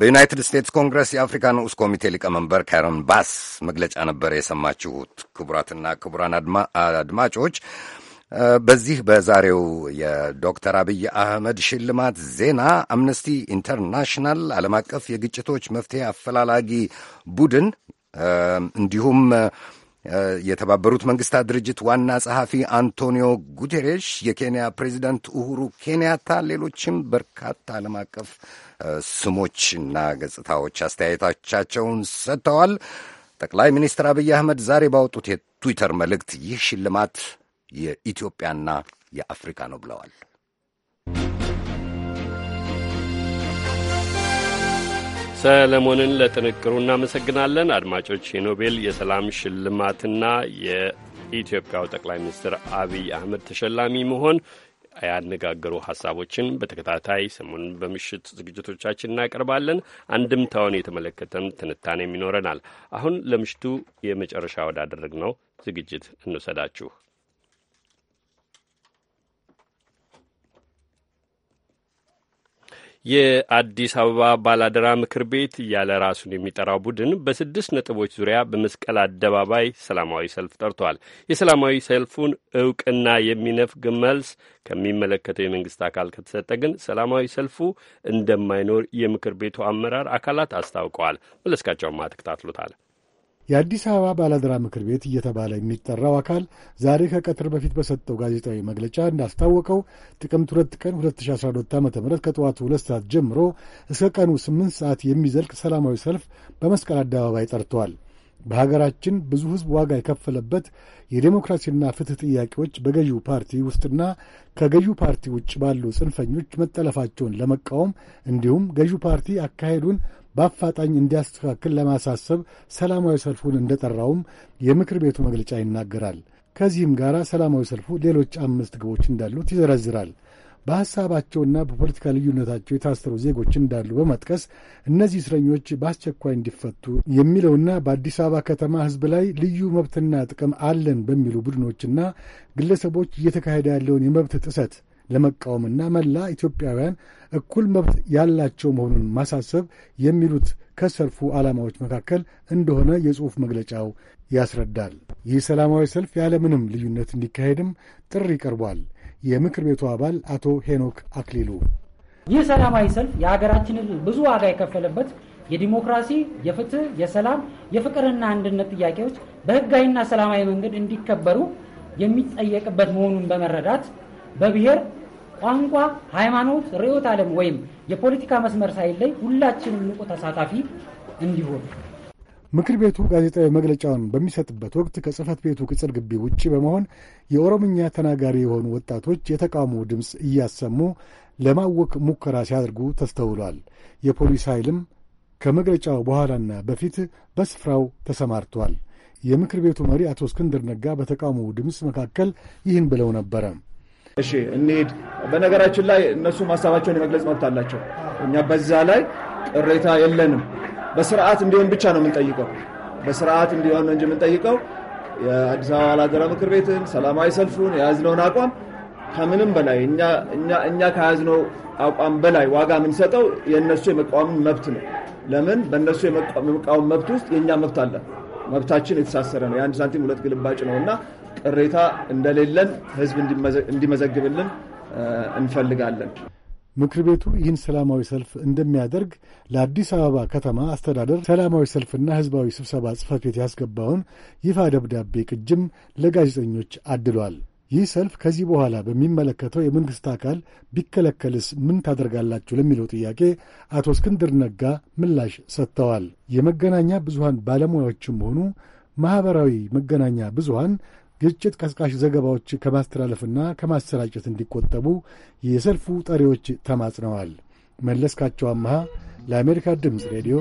በዩናይትድ ስቴትስ ኮንግረስ የአፍሪካ ንዑስ ኮሚቴ ሊቀመንበር ካረን ባስ መግለጫ ነበር የሰማችሁት። ክቡራትና ክቡራን አድማጮች በዚህ በዛሬው የዶክተር አብይ አህመድ ሽልማት ዜና አምነስቲ ኢንተርናሽናል ዓለም አቀፍ የግጭቶች መፍትሄ አፈላላጊ ቡድን እንዲሁም የተባበሩት መንግስታት ድርጅት ዋና ጸሐፊ አንቶኒዮ ጉቴሬሽ፣ የኬንያ ፕሬዚደንት ኡሁሩ ኬንያታ፣ ሌሎችም በርካታ ዓለም አቀፍ ስሞችና ገጽታዎች አስተያየቶቻቸውን ሰጥተዋል። ጠቅላይ ሚኒስትር አብይ አህመድ ዛሬ ባወጡት የትዊተር መልእክት ይህ ሽልማት የኢትዮጵያና የአፍሪካ ነው ብለዋል። ሰለሞንን ለጥንቅሩ እናመሰግናለን። አድማጮች የኖቤል የሰላም ሽልማትና የኢትዮጵያው ጠቅላይ ሚኒስትር አብይ አህመድ ተሸላሚ መሆን ያነጋገሩ ሀሳቦችን በተከታታይ ሰሞኑን በምሽት ዝግጅቶቻችን እናቀርባለን። አንድምታውን የተመለከተም ትንታኔም ይኖረናል። አሁን ለምሽቱ የመጨረሻ ወዳደረግ ነው ዝግጅት እንውሰዳችሁ። የአዲስ አበባ ባላደራ ምክር ቤት እያለ ራሱን የሚጠራው ቡድን በስድስት ነጥቦች ዙሪያ በመስቀል አደባባይ ሰላማዊ ሰልፍ ጠርቷል። የሰላማዊ ሰልፉን እውቅና የሚነፍግ መልስ ከሚመለከተው የመንግስት አካል ከተሰጠ ግን ሰላማዊ ሰልፉ እንደማይኖር የምክር ቤቱ አመራር አካላት አስታውቀዋል። መለስካቸውማ ተከታትሎታል። የአዲስ አበባ ባላደራ ምክር ቤት እየተባለ የሚጠራው አካል ዛሬ ከቀትር በፊት በሰጠው ጋዜጣዊ መግለጫ እንዳስታወቀው ጥቅምት ሁለት ቀን 2012 ዓ ም ከጠዋቱ ሁለት ሰዓት ጀምሮ እስከ ቀኑ ስምንት ሰዓት የሚዘልቅ ሰላማዊ ሰልፍ በመስቀል አደባባይ ጠርተዋል። በሀገራችን ብዙ ሕዝብ ዋጋ የከፈለበት የዴሞክራሲና ፍትህ ጥያቄዎች በገዢው ፓርቲ ውስጥና ከገዢው ፓርቲ ውጭ ባሉ ጽንፈኞች መጠለፋቸውን ለመቃወም እንዲሁም ገዢው ፓርቲ አካሄዱን በአፋጣኝ እንዲያስተካክል ለማሳሰብ ሰላማዊ ሰልፉን እንደጠራውም የምክር ቤቱ መግለጫ ይናገራል። ከዚህም ጋር ሰላማዊ ሰልፉ ሌሎች አምስት ግቦች እንዳሉት ይዘረዝራል። በሐሳባቸውና በፖለቲካ ልዩነታቸው የታሰሩ ዜጎች እንዳሉ በመጥቀስ እነዚህ እስረኞች በአስቸኳይ እንዲፈቱ የሚለውና በአዲስ አበባ ከተማ ሕዝብ ላይ ልዩ መብትና ጥቅም አለን በሚሉ ቡድኖችና ግለሰቦች እየተካሄደ ያለውን የመብት ጥሰት ለመቃወምና መላ ኢትዮጵያውያን እኩል መብት ያላቸው መሆኑን ማሳሰብ የሚሉት ከሰልፉ ዓላማዎች መካከል እንደሆነ የጽሑፍ መግለጫው ያስረዳል። ይህ ሰላማዊ ሰልፍ ያለምንም ልዩነት እንዲካሄድም ጥሪ ቀርቧል። የምክር ቤቱ አባል አቶ ሄኖክ አክሊሉ ይህ ሰላማዊ ሰልፍ የሀገራችንን ብዙ ዋጋ የከፈለበት የዲሞክራሲ፣ የፍትህ፣ የሰላም፣ የፍቅርና አንድነት ጥያቄዎች በህጋዊና ሰላማዊ መንገድ እንዲከበሩ የሚጠየቅበት መሆኑን በመረዳት በብሔር ቋንቋ፣ ሃይማኖት፣ ርዕዮተ ዓለም ወይም የፖለቲካ መስመር ሳይለይ ሁላችንም ንቁ ተሳታፊ እንዲሆን ምክር ቤቱ ጋዜጣዊ መግለጫውን በሚሰጥበት ወቅት ከጽህፈት ቤቱ ቅጽር ግቢ ውጭ በመሆን የኦሮምኛ ተናጋሪ የሆኑ ወጣቶች የተቃውሞ ድምፅ እያሰሙ ለማወክ ሙከራ ሲያደርጉ ተስተውሏል። የፖሊስ ኃይልም ከመግለጫው በኋላና በፊት በስፍራው ተሰማርቷል። የምክር ቤቱ መሪ አቶ እስክንድር ነጋ በተቃውሞ ድምፅ መካከል ይህን ብለው ነበረ። እሺ እንሄድ። በነገራችን ላይ እነሱ ሀሳባቸውን የመግለጽ መብት አላቸው። እኛ በዛ ላይ ቅሬታ የለንም። በስርዓት እንዲሆን ብቻ ነው የምንጠይቀው። በስርዓት እንዲሆን ነው እንጂ የምንጠይቀው የአዲስ አበባ ሀገራ ምክር ቤትን ሰላማዊ ሰልፉን የያዝነውን አቋም ከምንም በላይ እኛ ከያዝነው አቋም በላይ ዋጋ የምንሰጠው የእነሱ የመቃወምን መብት ነው። ለምን በእነሱ የመቃወም መብት ውስጥ የእኛ መብት አለ። መብታችን የተሳሰረ ነው። የአንድ ሳንቲም ሁለት ግልባጭ ነው እና ቅሬታ እንደሌለን ህዝብ እንዲመዘግብልን እንፈልጋለን። ምክር ቤቱ ይህን ሰላማዊ ሰልፍ እንደሚያደርግ ለአዲስ አበባ ከተማ አስተዳደር ሰላማዊ ሰልፍና ህዝባዊ ስብሰባ ጽሕፈት ቤት ያስገባውን ይፋ ደብዳቤ ቅጅም ለጋዜጠኞች አድሏል። ይህ ሰልፍ ከዚህ በኋላ በሚመለከተው የመንግሥት አካል ቢከለከልስ ምን ታደርጋላችሁ ለሚለው ጥያቄ አቶ እስክንድር ነጋ ምላሽ ሰጥተዋል። የመገናኛ ብዙሃን ባለሙያዎችም ሆኑ ማኅበራዊ መገናኛ ብዙሃን ግጭት ቀስቃሽ ዘገባዎች ከማስተላለፍና ከማሰራጨት እንዲቆጠቡ የሰልፉ ጠሪዎች ተማጽነዋል። መለስካቸው አመሃ ለአሜሪካ ድምፅ ሬዲዮ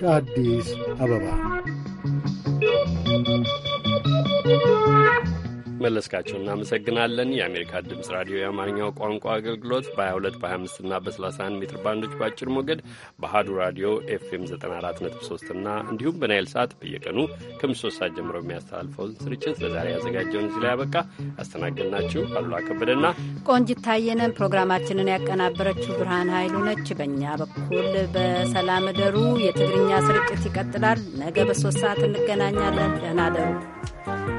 ከአዲስ አበባ መለስካቸው እናመሰግናለን። የአሜሪካ ድምፅ ራዲዮ የአማርኛው ቋንቋ አገልግሎት በ22 በ25 እና በ31 ሜትር ባንዶች በአጭር ሞገድ በአሀዱ ራዲዮ ኤፍኤም 94.3 እና እንዲሁም በናይል ሰዓት በየቀኑ ከምሽቱ ሶስት ሰዓት ጀምሮ የሚያስተላልፈውን ስርጭት ለዛሬ ያዘጋጀውን እዚህ ላይ ያበቃ። አስተናገድናችሁ አሉላ ከበደና ቆንጂት ታየ ፕሮግራማችንን ያቀናበረችው ብርሃን ኃይሉ ነች። በእኛ በኩል በሰላም እደሩ። የትግርኛ ስርጭት ይቀጥላል። ነገ በሶስት ሰዓት እንገናኛለን። ደህና እደሩ።